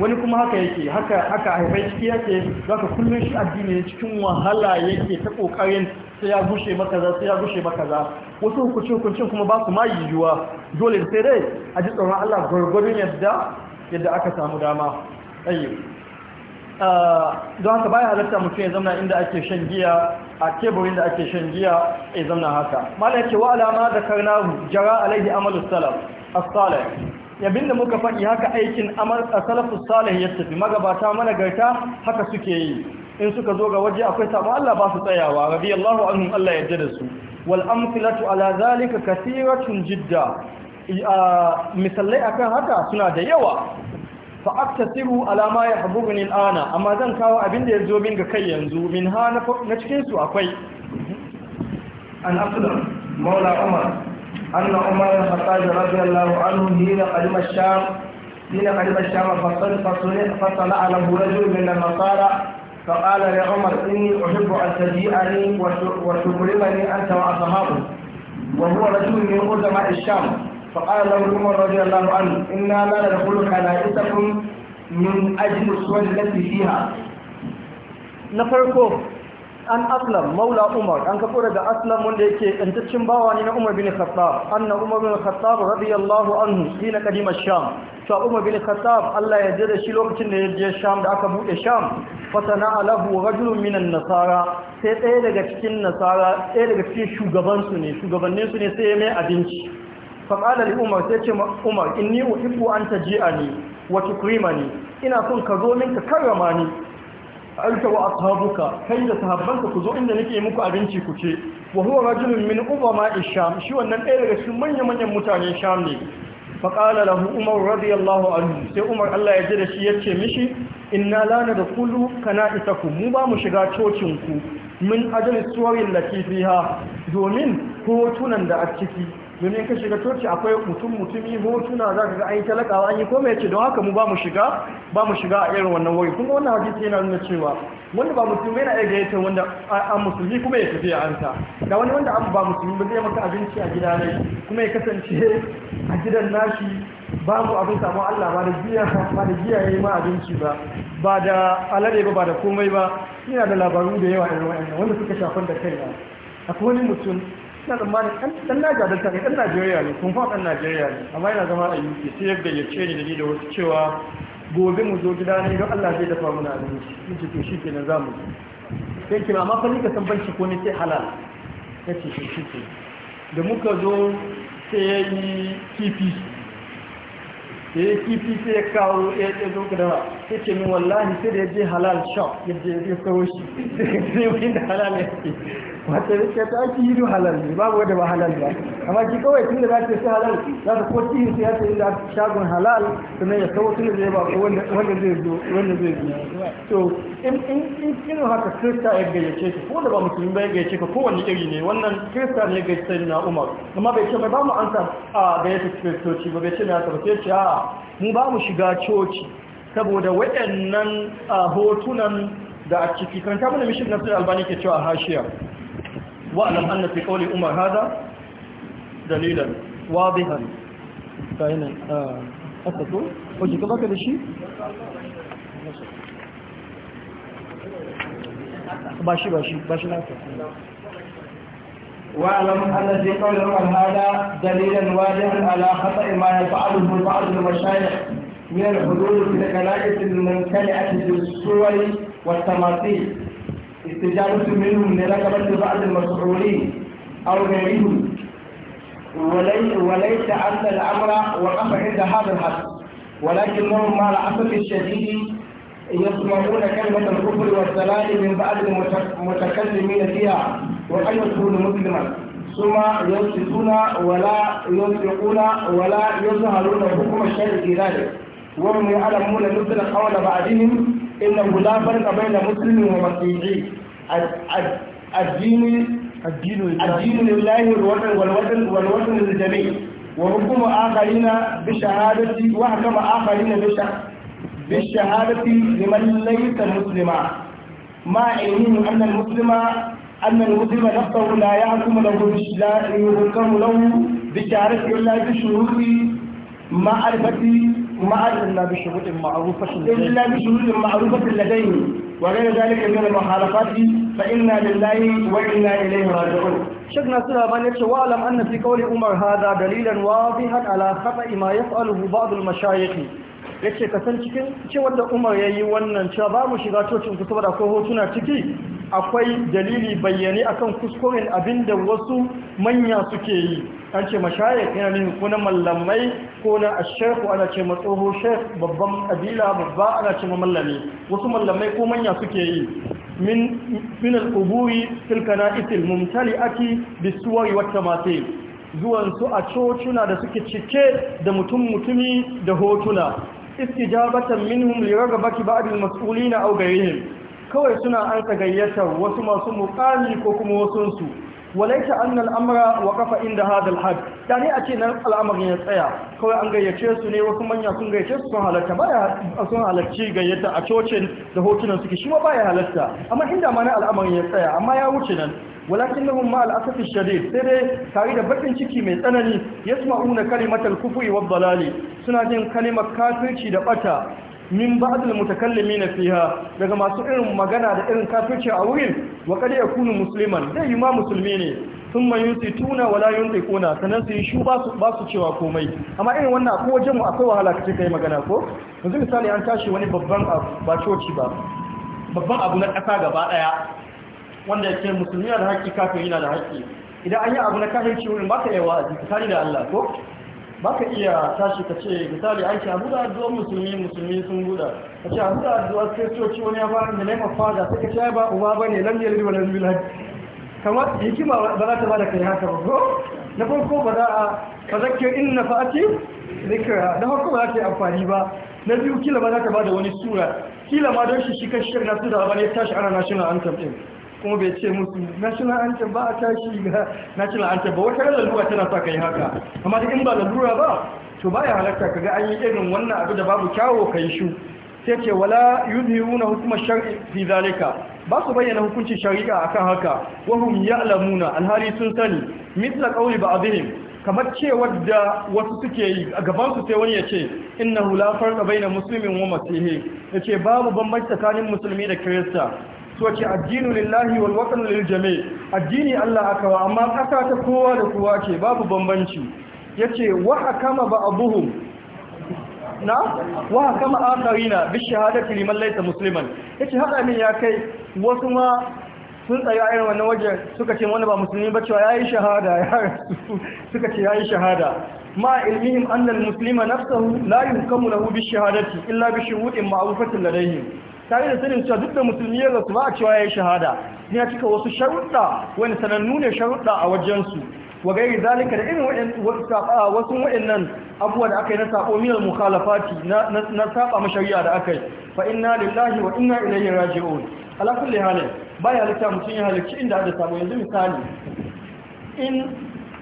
wani kuma haka yake haka haka haifai ciki yake za ka kullum shi addini cikin wahala yake ta ƙoƙarin sai ya gushe maka za sai ya gushe maka za wasu hukuncin hukuncin kuma ba su ma yiwuwa dole sai dai a ji tsoron Allah gwargwadon yadda yadda aka samu dama ayyo ah, don haka baya halatta mutum ya zama inda ake shan giya a teburin da ake shan giya ya zama haka mala ce wa alama da karnahu jara alaihi amalu salaf as salaf. yabin da muka faɗi haka aikin amal salafu Salaf ya tafi magabata mana managarta haka suke yi in suka zo ga waje akwai sabon Allah ba su tsayawa radiyallahu anhum Allah ya da su wal amthilatu ala zalika kathiratun jidda misalai akan haka suna da yawa fa alama ya ma yahbubuni Ana amma zan kawo abin da zo min ga kai yanzu min ha na cikinsu akwai an afdal maula umar anna umar al-khattab radiyallahu anhu hina qalima ash-sham hina qalima ash-sham fasal fasal fasal ala rajul min al-nasara فقال لعمر إني أحب أن تجيئني وتكرمني أنت وأصحابك وهو رجل من قدماء الشام فقال له رضي الله عنه إنا لا ندخل حدائثكم من أجل الصور التي فيها نفرقوا an aslam maula umar an kafo daga aslam wanda yake ɗantaccen bawa ne na umar bin khattab anna umar bin khattab radiyallahu anhu hina kadima sham to umar bin khattab Allah ya jira shi lokacin da ya je sham da aka bude sham fa sana'a lahu rajulun minan nasara sai ɗaya daga cikin nasara ɗaya daga cikin shugabansu ne shugabannin su ne sai ya mai abinci faƙalar umar sai ce umar in ni uhibbu an ta ji a ni wa ni ina son ka zo min ka karrama ni alka wa ashabuka kai da sahabbanka ku zo inda nake muku abinci ku ce wa huwa rajulun min umama isham shi wannan ɗaya daga cikin manyan manyan mutane sham ne faƙala lahu umar radiyallahu anhu sai umar Allah ya ji da shi ya ce mishi inna la nadkhulu kana'itakum mu ba mu shiga cocin ku min ajli suwarin latifiha domin hotunan da a ciki domin ka shiga coci akwai mutum mutumi hotuna za ka ga an yi talakawa an yi kome ya ce don haka mu ba mu shiga ba mu shiga a irin wannan wuri kuma wannan hadisi yana nuna cewa wanda ba musulmi yana iya gayyata wanda an musulmi kuma ya tafi a ta da wani wanda an ba musulmi ba zai maka abinci a gida ne kuma ya kasance a gidan nashi ba mu abin samu Allah ba da giya ba da giya yayi ma abinci ba ba da alade ba ba da komai ba ina da labaru da yawa irin wannan wanda suka shafan da kai akwai wani mutum na ɗan naja tare najeriya ne kun fa najeriya ne yana zama a uk sai yadda ya ce ni da ni wasu cewa gobe mu zo gida ne don allah zai dafa muna abinci in to shi ke nan za mu sai ma amma ka san banci ko ne sai halal ya ce shi ke da muka zo sai ya yi kifi sai ya kifi sai ya kawo ya ce zo ka dawa yake min wallahi sai da ya je halal shop ya je ya kawo shi sai wani da halal ya wata ta ake yi halal ne babu wadda ba halal ba amma ki kawai tun da za ta halal za ta yin sai ya ce da shagon halal sannan ya kawo tun zai ba wanda zai zo wanda zai zo to in in in haka kirista ya gayyace ka ko ba musulmi ba ya gayyace ka kowanne iri ne wannan kirista ne ya gayyace umar amma bai ce mai ba mu ansa a gayyace kiristoci ba bai ce mai ba ce a mu ba shiga coci saboda waɗannan hotunan da a ciki kan ta muna mishin nasir albani ke cewa hashiya wa alam anna fi qawli umar hada dalilan wadihan kainan a to wajen ka baka da shi ba shi ba shi ba shi nasa واعلم أن في قول عمر هذا دليلا واضحا على خطأ ما يفعله بعض المشايخ من الحلول في الكنائس الممتلئة بالصور والتماثيل استجابة منهم لرغبة بعض المسؤولين أو غيرهم وليس وليس أن الأمر وقف عند هذا الحد ولكنهم مع الأسف الشديد يسمعون كلمة الكفر والسلام من بعض المتكلمين فيها وأن يكون مسلما ثم ينصتون ولا ينطقون ولا يظهرون حكم الشرع في ذلك وهم يعلمون مثل قول بعدهم إنه لا فرق بين مسلم ومسيحي الدين الدين لله والوطن والوطن والوطن للجميع وحكم آخرين بشهادة وحكم آخرين بالشهادة لمن ليس مسلما ما علمه أن المسلم أن المسلم نفسه لا يحكم له لا يحكم له بشهادة الله بشروط معرفة ما إلا بشروط معروفة إلا بشروط معروفة لديه وغير ذلك من المخالفات فإنا لله وإنا إليه راجعون شكنا سنة بان يتشوى أعلم أن في قول عمر هذا دليلا واضحا على خطأ ما يفعله بعض المشايخ yace ka san cikin cewar da Umar yayi wannan cewa ba mu shiga cocin ku saboda ko hotuna ciki akwai dalili bayyane akan kuskuren abinda wasu manya suke yi an ce mashayar yana nufin ko na mallamai ko na ashefu ana ce matsoho shek babban kabila babba ana ce mamallami wasu mallamai ko manya suke yi min min al-quburi tilka na'itil mumtali'ati bisuwari wat tamathil zuwan su a cocina da suke cike da mutum mutumi da hotuna istijabatan minhum li ragabati ba'd al-mas'ulina aw ghayrihim kawai suna ansa gayyatar wasu masu mukami ko kuma wasunsu walaita annal amra wa kafa inda hadal had da ne a ce nan al'amarin ya tsaya kawai an gayyace su ne wasu manya sun gayyace su sun halatta ya sun halarci gayyata a cocin da hotunan suke shi ma baya halatta amma inda ma na al'amarin ya tsaya amma ya wuce nan walakin lahum ma al'asafi shadid sai dai tare da baƙin ciki mai tsanani yasma'una kalimatal kufri wad balali suna jin kalimar kafirci da ɓata. min ba'dul na fiha daga masu irin magana da irin kafirci a wurin wa ya kunu musliman dai ma musulmi ne thumma tuna wala yuntiquna sanan sai shu ba su ba su cewa komai amma irin wannan ko wajen mu akwai wahala kace kai magana ko yanzu misali an tashi wani babban abu ba coci ba babban abu na kasa gaba daya wanda yake musulmi da haƙƙi kafiri yana da haƙƙi idan an yi abu na kafirci wurin ba ka yi wa'azi ka da Allah ko ba ka iya tashi ka ce misali aiki a buɗe addu'ar musulmi musulmi sun guda, ka ce a buɗe addu'ar kiristoci wani ya ba da neman fada sai ka ce ba uba ba ne lam yalid wa zubi yulad kamar hikima ba za ta ba da kai haka ba ko na farko ba za a kazakke in na fa'ati zikira na farko ba za ta yi amfani ba na biyu kila ba za ta ba da wani sura kila ma don shi shi kan shirin na sura ba ne tashi ana national anthem din kuma bai ce musu national anthem ba a tashi ga national anthem ba wata lalura tana sa kai haka amma duk in ba lalura ba to baya halarta kaga an yi irin wannan abu da babu kyawo kai shu sai ce wala yuzhiruna hukuma shar'i fi zalika ba su bayyana hukuncin shari'a akan haka wa hum ya'lamuna alhali sun sani mithla qawli ba'dihim kamar cewar da wasu suke yi a gaban su sai wani ya ce innahu la farqa baina muslimin wa masihi yace babu bambanci tsakanin musulmi da kirista ce addinu lillahi wal watan lil jami' addini Allah aka wa amma kasa ta kowa da kowa ce babu bambanci yace wa hakama ba'dhum na wa kama akarina bi shahadati liman laysa musliman yace haka min ya kai wasu ma sun tsaya irin wannan wajen suka ce wani ba musulmi ba cewa yayi shahada ya suka ce yayi shahada ma ilmihim anna al-muslima nafsuhu la yuhkamu bi shahadati illa bi shurutin ma'rufatin ladayhi tare da sanin cewa duk da musulmi ya rasu ba a cewa ya yi shahada ne ya cika wasu sharuɗa wani sanannu ne sharuɗa a wajensu wa gairi zalika da irin wasu waɗannan abubuwa da aka yi na sabo miyar mukhalafati na saba mashari'a da aka yi fa inna lillahi wa inna ilaihi raji'un ala kulli halin baya halitta mutum ya halicci inda da sabo yanzu misali in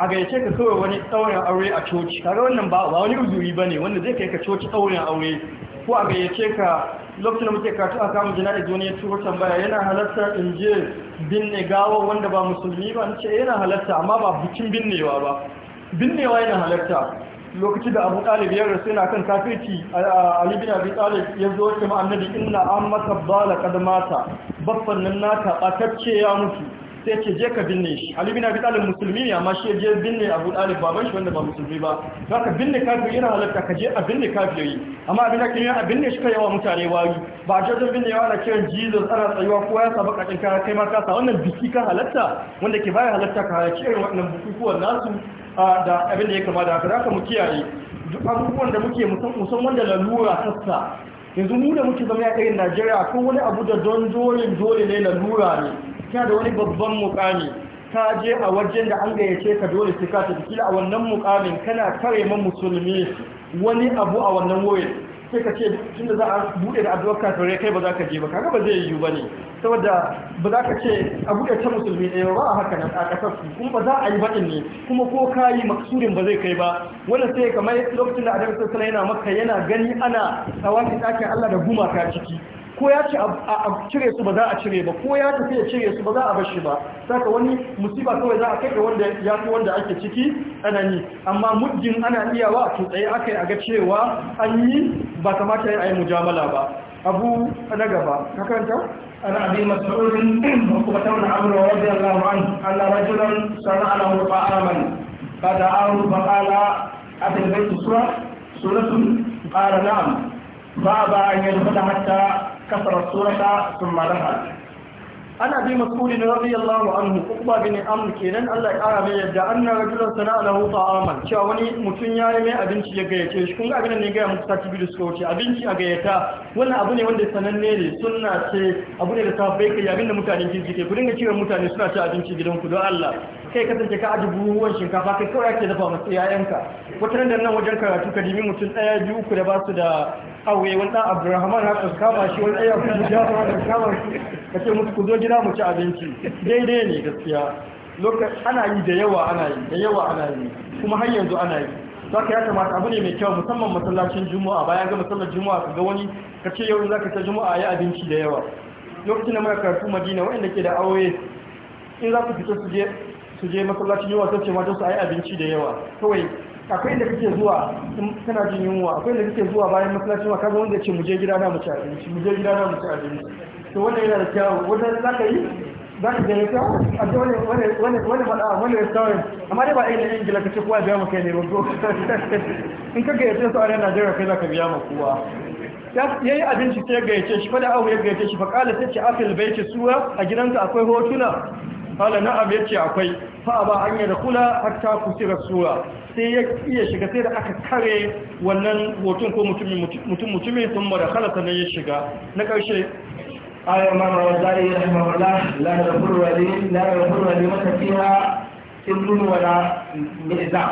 a gayyace ka kawai wani tsaurin aure a coci kaga wannan ba wani uzuri ne wanda zai kai ka coci tsaurin aure ko a gayyace ka lokacin da muke karatu a kamun jana'iz wani ya turo tambaya yana halatta in je binne gawo wanda ba musulmi ba ce eh, yana halatta amma ba bikin binnewa ba binnewa yana halatta lokacin da abu ɗalib ya rasu yana kan kafirci ali bin abi ɗalib ya zo ce ma annabi inna an maka bala kadamata mata baffan nan naka ɓatacce ya mutu sai ce je ka binne shi Ali bin Abi Talib musulmi ne amma shi je binne Abu Talib baban shi wanda ba musulmi ba za ka binne kafiri yana halatta ka je a binne kafiri amma abin da kin yi a binne shi kai yawa mutane wayi ba a jirgin binne yawa na kiran Jesus ana tsayuwa kowa ya saba kakin kaya kai ma kasa wannan biki ka halatta wanda ke baya halatta ka halarci irin bukukuwan nasu da abin da ya kama da haka za ka mu kiyaye duk abubuwan da muke musamman wanda lalura sassa yanzu mu da muke zama ya kai Najeriya ko wani abu da don dolin dole ne na lura ne kina da wani babban mukami ta je a wajen da an gayyace ka dole sai ka tafi kila a wannan mukamin kana kare man musulmi wani abu a wannan wurin sai ka ce tun da za a buɗe da addu'ar kafirai kai ba za ka je ba kaga ba zai yiwu ba ne, saboda ba za ka ce a buɗe ta musulmi ɗaya ba a haka nan a ƙasar su kuma ba za a yi baɗin ne kuma ko ka yi maksurin ba zai kai ba wannan sai kamar lokacin da adam sallallahu yana maka yana gani ana tsawafin ɗakin Allah da gumaka ciki ko ya ce a cire su ba za a cire ba ko ya tafi ya cire su ba za a bar ba saka wani musiba kawai za a kai ga wanda ya fi wanda ake ciki tsanani amma muddin ana iyawa a tutsaye aka yi a ga cewa an yi ba kamata ya yi mujamala ba abu na gaba ka karanta عن ابي مسعود عقبه بن عمرو رضي الله عنه ان رجلا صنع له طعاما فدعاه فقال اتى البيت سوره سوره قال نعم فابى ان يدخل حتى kasar suraka sun mara ha. Ana bi maskuli na rabi Allah wa Allah, kuma ba gini an muke nan Allah ya ƙara mai yadda an na rajin wasu na ala a amal. Cewa wani mutum ya yi mai abinci ya gayyace shi kuma abinan ne gaya muku tafi biyu su kawace abinci a gayyata wani abu ne wanda sananne ne suna ce abu ne da ta bai kai abin da mutane ke ziki. Kudin ya cewa mutane suna ce abinci gidan ku don Allah. Kai ka sanke ka ajiye buhuwan shinkafa kai kawai ake dafa masu yayan ka. Wata nan da nan wajen karatu ka dimi mutum ɗaya biyu ku da ba su da aure wani ɗan abdurrahman haka kama shi wani ɗaya kuma jafar haka kama shi ka ce musu ku zo gida mu ci abinci daidai ne gaskiya lokaci ana yi da yawa ana yi da yawa ana yi kuma har yanzu ana yi zaka ya kamata abu ne mai kyau musamman masallacin juma'a bayan ga masallar juma'a ka ga wani ka ce yau zaka ta juma'a yi abinci da yawa lokacin da muka karatu madina waɗanda ke da aure in za su fita su je su je masallacin yawa sai ce mata su ayi abinci da yawa kawai akwai inda kake zuwa kana jin yunwa akwai inda kake zuwa bayan masallaci ma kaga wanda ce mu je gida na mu ci abinci mu gida na mu ci abinci to wannan yana da kyau wanda zaka yi za ka gani ta a ce wani faɗa wani restaurant amma dai ba ɗaya na ingila ka ce kowa biya maka ne bago in ka gayyace su a nan najeriya kai za ka biya ma kowa ya yi abinci sai ya gayyace shi fada abu ya gayyace shi faƙala sai ce afil bai ce sura a gidansa akwai hotuna kala na'am yace akwai fa ba an yi da kula hatta kusira sura sai ya iya shiga sai da aka kare wannan hoton ko mutumin mutum mutumin sun mara kala sanan ya shiga na karshe ayar mama wazari rahimahullah la yafuru wali la yafuru wali mata fiha ibnu wala mi'za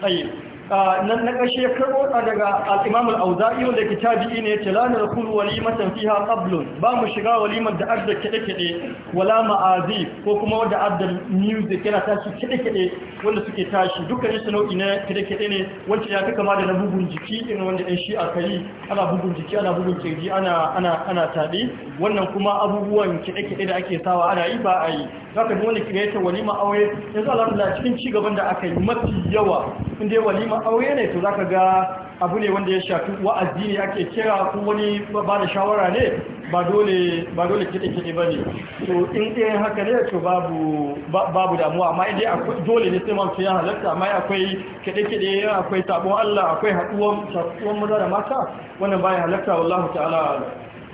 tayyib nan na kashe karo daga al'imam al'auza'i auzai wanda ke tabi'i ne yace la bamu ƙablon ba mu shiga walimar da adda kiɗe-kiɗe wala ma'azi ko kuma wanda adda music yana tashi kiɗe-kiɗe wanda suke tashi dukkan yi nau'i na kiɗe-kiɗe ne wancan ya fi kama da na bugun jiki irin wanda ɗan shi a kari ana bugun jiki ana bugun kirji ana taɗe wannan kuma abubuwan kiɗe-kiɗe da ake sawa ana yi ba a yi ka ji wanda kiɗe yace walima aure yanzu alhamdulillah cikin ci gaban da aka yi mafi yawa inda ya walima neman aure ne to zaka ga abu ne wanda ya shafi wa'azi ne ake kira ko wani ba da shawara ne ba dole ba dole kide ba ne to in dai haka ne to babu babu damuwa amma in dai akwai dole ne sai mun ya halatta amma akwai kide kide akwai sabon Allah akwai haduwan sabon maza da mata wannan bai halatta wallahi ta'ala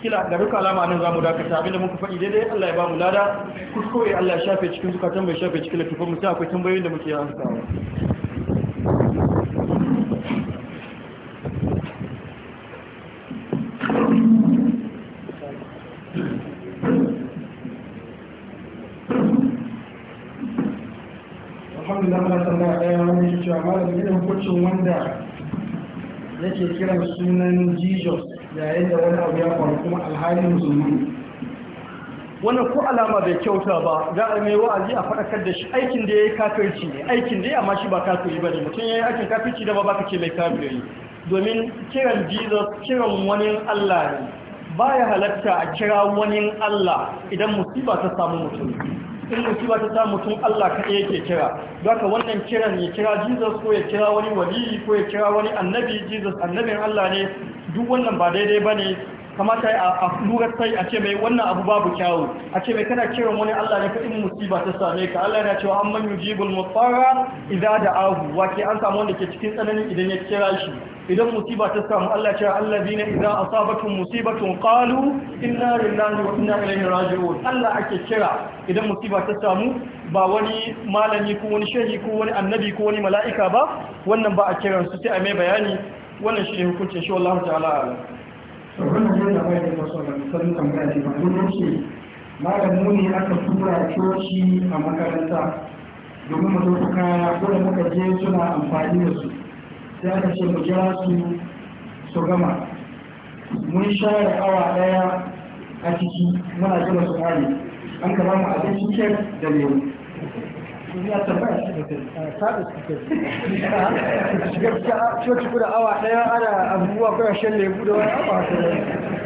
kila da duka alama nan zamu dakata abinda muka faɗi daidai Allah ya ba mu lada kuskure Allah ya shafe cikin zukatan bai shafe cikin littafin mu sai akwai tambayoyin da muke yi hankali da irin hukuncin wanda yake kiran sunan jesus yayin da wani abu ya faru kuma alhali musulmi wannan ko alama bai kyauta ba za a mai wa'azi a faɗakar da shi aikin da ya yi kafirci ne aikin da ya amma shi ba kafiri ba ne mutum ya yi aikin kafirci da ba ba ka ce mai kafiri domin kiran jesus kiran wani allah ne ba ya halatta a kira wani allah idan musiba ta samu mutum in ba ta samu tun Allah kaɗai ke kira ka wannan kiran ya kira Jesus ko ya kira wani wali ko ya kira wani annabi Jesus annabin Allah ne duk wannan ba daidai ba ne. kamata a lura sai a ce mai wannan abu babu kyawu a ce mai kana kiran wani Allah ne kadin musiba ta same ka Allah yana cewa amman yujibul mutarra idza da'ahu wace an samu wanda ke cikin tsananin idan ya kira shi idan musiba ta samu Allah cewa allazina idza asabatuhum musibatun qalu inna lillahi wa inna ilaihi raji'un Allah ake kira idan musiba ta samu ba wani malami ko wani shehi ko wani annabi ko wani mala'ika ba wannan ba a kiransu sai a mai bayani wannan shi ne hukuncin shi wallahu ta'ala wannan sai da wani da sauran sun tambaya ce ba don yake malamu ne aka tura coci a makaranta domin mu zo kaya ko da muka je suna amfani da su sai aka ce mu jira su su gama mun share awa daya a ciki muna jira su kare an kama mu abincin kek da lemu duniya ta baya shi da eh, da awa ɗaya ana abubuwa kuna shan lebu da wani abu haka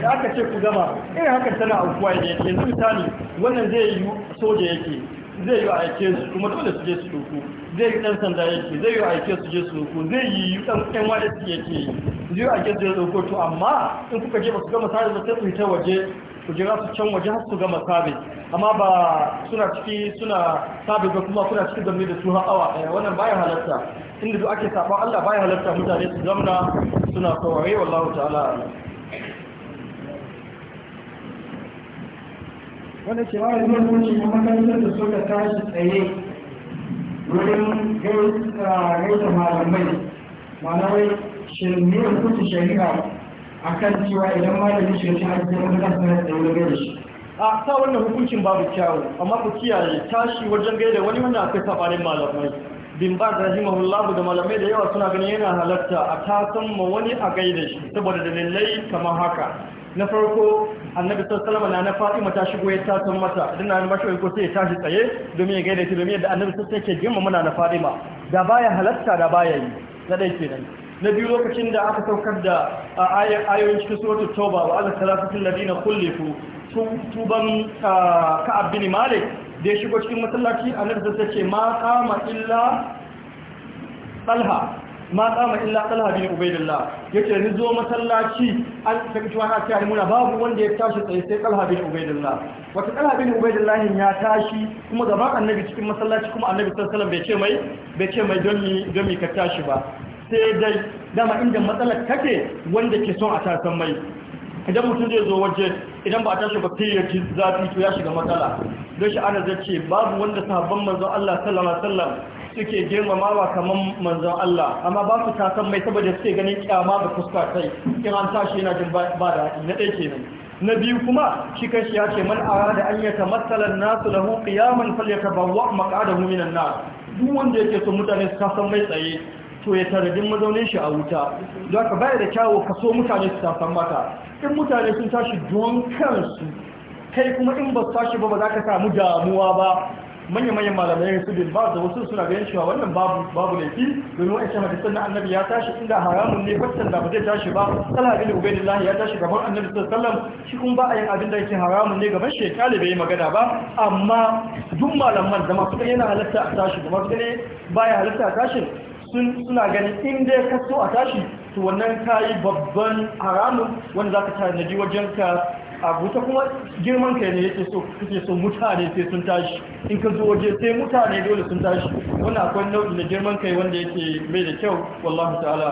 da aka ce ku gama irin hakan tana aukuwa ne yanzu misali wannan zai yi soja yake zai yi aike su kuma dole su je su roku zai yi ɗan sanda yake zai yi aike su je su roku zai yi ɗan ɗan wada su yake yi zai yi aike su je su to amma in kuka je ba su gama sabis ba sai su ta waje ku jira su can waje har su gama sabis amma ba suna ciki suna sabis ba kuma suna ciki zamne da su har awa ɗaya wannan baya halarta inda duk ake saɓa Allah baya halarta mutane su zamna suna saurare wallahu ta'ala wanda ke ba da mutunci a makarantar da suka tashi tsaye wurin gaisa malamai malamai shirme da kusa shari'a a kan cewa idan malami shi ta hajji wani kan sanar da wani gaisa shi a sa wannan hukuncin babu kyawu amma ku kiyaye tashi wajen gaida wani wanda akwai safarin malamai bin ba da rahimahullahu da malamai da yawa suna ganin yana halatta a tasan ma wani a gaida shi saboda dalilai kamar haka na farko annabi sallallahu na na Fatima ta shigo ya tasa mata idan na mashi ko sai ya tashi tsaye domin ya gaida shi domin yadda annabi sallallahu alaihi wasallam ke girma muna na Fatima da baya halatta da baya yi na dai kenan na biyu lokacin da aka saukar da ayoyin cikin suratul tauba wa ala salatul ladina kullifu tuban ka bin malik da ya shigo cikin masallaci annabi sallallahu alaihi ce ma kama illa talha ma kama illa talha bin ubaidillah yace ni zo masallaci an saki wani a cikin muna babu wanda ya tashi tsaye sai talha bin ubaidillah wata talha bin ubaidillah ya tashi kuma gaban annabi cikin masallaci kuma annabi sallallahu alaihi wasallam bai ce mai bai ce mai don mi don mi ka tashi ba sai dai dama inda matsalar kake wanda ke son a tasan mai idan mutum zai zo waje idan ba a tashi ba sai ya ji zafi to ya shiga matsala don shi ana zai ce babu wanda sahabban manzon Allah sallallahu alaihi wasallam suke ba kamar manzon Allah amma ba su kasan mai saboda suke ganin kyama da fuska kai in an tashi yana jin ba da na ɗaya kenan na biyu kuma shi kai ya ce man arada an yata masalan nasu lahu qiyaman falyatabawwa maq'adahu minan na. duk wanda yake so mutane su tasan mai tsaye to ya taradin mazaunin shi a wuta don ka bayar da kyawo kaso mutane su kasan mata in mutane sun tashi don kansu kai kuma in ba su tashi ba ba za ka samu damuwa ba manya-manyan malamai su bin ba da wasu suna ganin cewa wannan babu babu laifi domin wa'ancan hadisan na annabi ya tashi inda haramun ne fassan da ba zai tashi ba tsala bin ubaidillah ya tashi gaban annabi sallallahu alaihi wasallam shi kun ba a yin abin da yake haramun ne gaban shi bai magana ba amma duk malaman da masu yana halatta a tashi kuma su ne baya halatta a tashi suna ganin in dai ka so a tashi to wannan kayi babban haramun wanda zaka tanaji wajen ka abu ta kuma girman kai ne yake so kuke so mutane sai sun tashi in ka zo waje sai mutane dole sun tashi wannan akwai nau'i na girman kai wanda yake mai da kyau wallahi ta'ala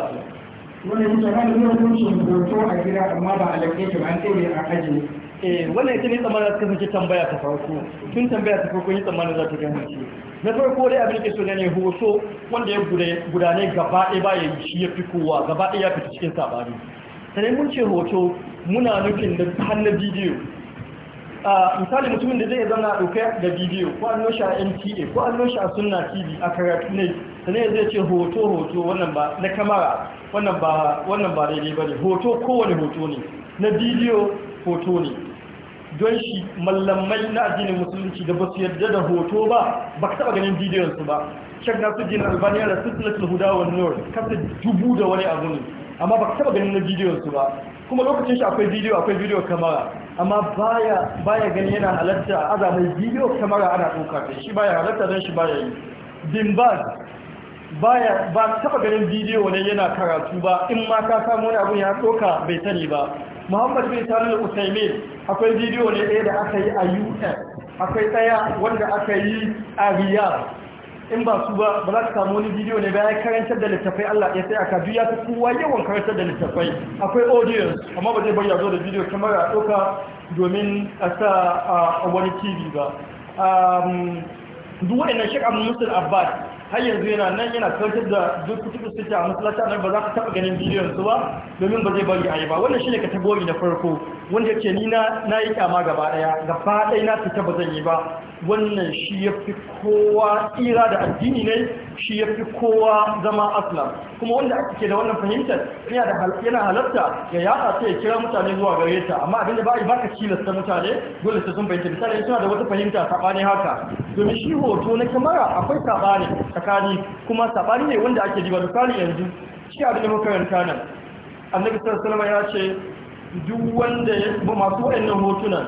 wannan mutane ne sun shi to a gida amma ba a lafiya ba an tsaye a aji eh wannan ita ne tsammanin da kasance tambaya ta farko tun tambaya ta farko ni tsammanin za ta gani ce na farko dai abin da ke so ne hoto wanda ya gudane gaba ɗaya ba ya shi ya fi kowa gaba ɗaya ya fita cikin sabani sai mun ce hoto muna nufin da hannu bidiyo a misali mutumin da zai zana ɗauka da bidiyo ko an nosha a mta ko an nosha a sunna tv a karatu ne sanai zai ce hoto hoto wannan ba na kamara wannan ba daidai ba ne hoto kowane hoto ne na bidiyo hoto ne don shi mallamai na addinin musulunci da ba su yarda da hoto ba ba ka taɓa ganin bidiyonsu ba shek na su jina albaniya da sisnatul huda wa nur kasa dubu da wani abu ne amma ba ka taba ganin na bidiyon su ba kuma lokacin shi akwai bidiyo akwai bidiyo kamara amma baya baya gani yana halatta azamai bidiyo kamara ana ɗauka kai shi baya halatta dan shi baya yi bin ba baya ba taba ganin bidiyo ne yana karatu ba in ma ka samu wani abu ya ɗauka bai sani ba muhammad bin salil usaimin akwai bidiyo ne ɗaya da aka yi a us akwai ɗaya wanda aka yi a riyadh in ba su ba ba za ka samu wani bidiyo ne bayan karantar da littafai Allah ya sai aka biya ta kowa yawan karantar da littafai akwai audience amma ba zai bayyana zo da bidiyo kamar a ɗauka domin a sa a wani tv ba um, duk waɗannan shi abu musul abbas har yanzu yana nan yana kautar da duk cikin sita a masallaci nan ba za ka taɓa ganin bidiyon su ba domin ba zai bari a yi ba wannan shi ne shine katabori na farko wanda ke ni na na yi kyama gaba ɗaya gaba ɗaya na fita ba zan yi ba wannan shi ya fi kowa tsira da addini ne shi ya fi kowa zama aslam kuma wanda ake ke da wannan fahimtar yana halarta ya yaɗa sai ya kira mutane zuwa gare ta amma abinda ba a yi baka cilasta mutane dole sai sun fahimta misali suna da wata fahimta saɓani haka domin shi hoto na kyamara akwai saɓani tsakani kuma saɓani ne wanda ake diba tsakani yanzu shi abin da makaranta nan annabi sallallahu alaihi ya ce duk wanda ya masu waɗannan hotunan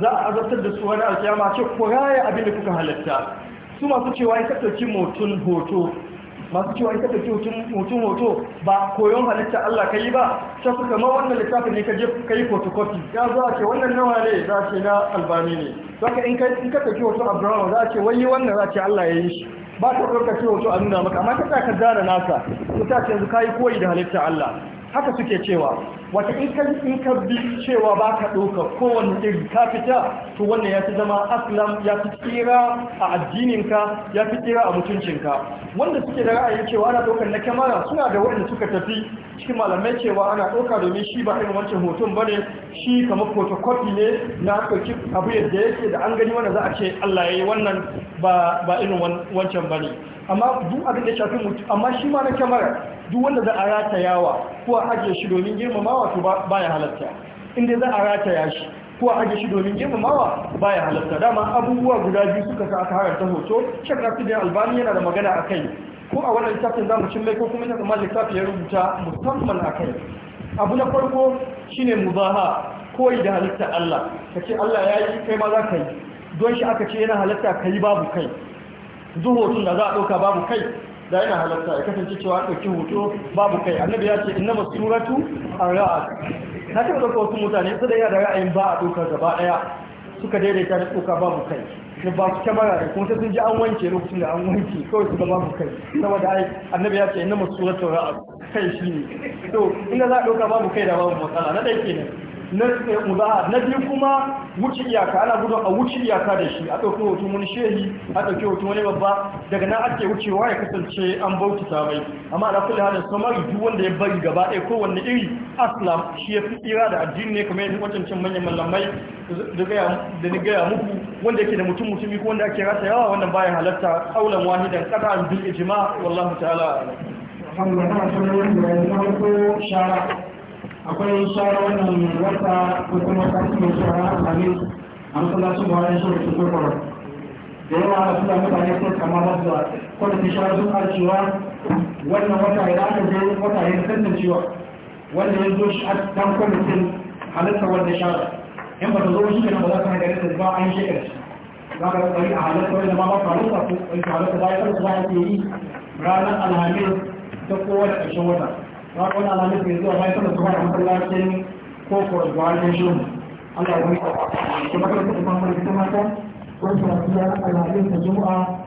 za a azabtar da su wani alkiyama ce ko raya abin da kuka halatta su masu cewa ya ɗauki mutum hoto masu cewa ya ɗauki mutum hoto ba koyon halitta Allah ka yi ba ta suka ma wannan littafin ne ka yi photocopy ya za a ce wannan nawa ne za a ce na albani ne za ka in ka ɗauki hoto brown za a ce wani wannan za a ce Allah ya yi shi ba ta ɗaukar ce hoto a nuna maka amma ta ka zana nasa ko ta ce yanzu ka yi koyi da halitta Allah haka suke cewa wata in ka bi cewa ba ka ɗauka kowane iri ka fita to wannan ya fi zama aslam ya fi tsira a addininka ya fi tsira a mutuncinka wanda suke da ra'ayin cewa ana ɗaukar na kyamara suna da waɗanda suka tafi cikin malamai cewa ana ɗauka domin shi ba irin wancan hoton ba ne shi kamar photocopy ne na ɗauki abu yadda yake da an gani wanda za a ce allah ya yi wannan ba irin wancan ba ne amma duk abin da shafi mutu amma shi ma na kyamara duk wanda za a rata yawa ko a ajiye shi domin girmamawa to ba ya halatta inda za a rata ya shi ko a ajiye shi domin girmamawa ba ya halatta dama abubuwa guda biyu suka sa aka haranta hoto shek nasiru albani yana da magana a kai ko a wannan littafin za mu cimma ko kuma ina zama littafi ya rubuta musamman a kai abu na farko shine muzaha koyi da halitta Allah kace Allah ya yi kai ma za ka yi don shi aka ce yana halatta ka yi babu kai duk hoton da za a ɗauka babu kai da yana halatta ya kasance cewa a ɗauki hoto babu kai annabi ya ce inna masuratu ar ra'a na taɓa ɗauka wasu mutane su da yana da ra'ayin ba a ɗauka gaba ɗaya suka daidaita da ɗauka babu kai ne ba su kamara da kuma sun ji an wanke lokacin da an wanke kawai su gaba babu kai saboda ai annabi ya ce inna masuratu ar-ra'as kai shi ne to inda za a ɗauka babu kai da babu matsala na ɗaya kenan na na biyu kuma wuce iyaka ana gudu a wuce iyaka da shi a ɗauki hoto wani shehi a ɗauki hoto wani babba daga na ake wucewa ya kasance an bautata mai amma ala kulli halin samari duk wanda ya bari gaba ɗaya kowanne iri aslam shi ya fi tsira da addini ne kamar yadda wancan manyan mallamai da ni gaya muku wanda yake da mutum mutumi ko wanda ake rasa yawa wannan bayan halatta kaulan wahidan kada an bil wallahu ta'ala alhamdulillah akwai sauran wannan wata ko kuma kasu mai sauran alhamis a masallacin buhari shi da cikin kwaro da yawa a suna mutane sai kama ba su ko da tishara sun arcewa wannan wata ya aka je wata ya tantancewa wanda ya zo shi a dan kwamitin halitta wanda shara in ba ta zo shi kenan ba za ka haɗa da zuba an shekar shi za ka tsari a halitta wanda ma ba ka halitta ko in ka halitta ba ya karsu ba ya ke yi ranar alhamis ta kowa da ƙarshen wata ba wani alamis mai zuwa bayan sanar kuma da masallacin ko da zuwa shi Allah ya wani kuma kuma kuma kuma kuma kuma kuma kuma kuma kuma kuma kuma kuma kuma kuma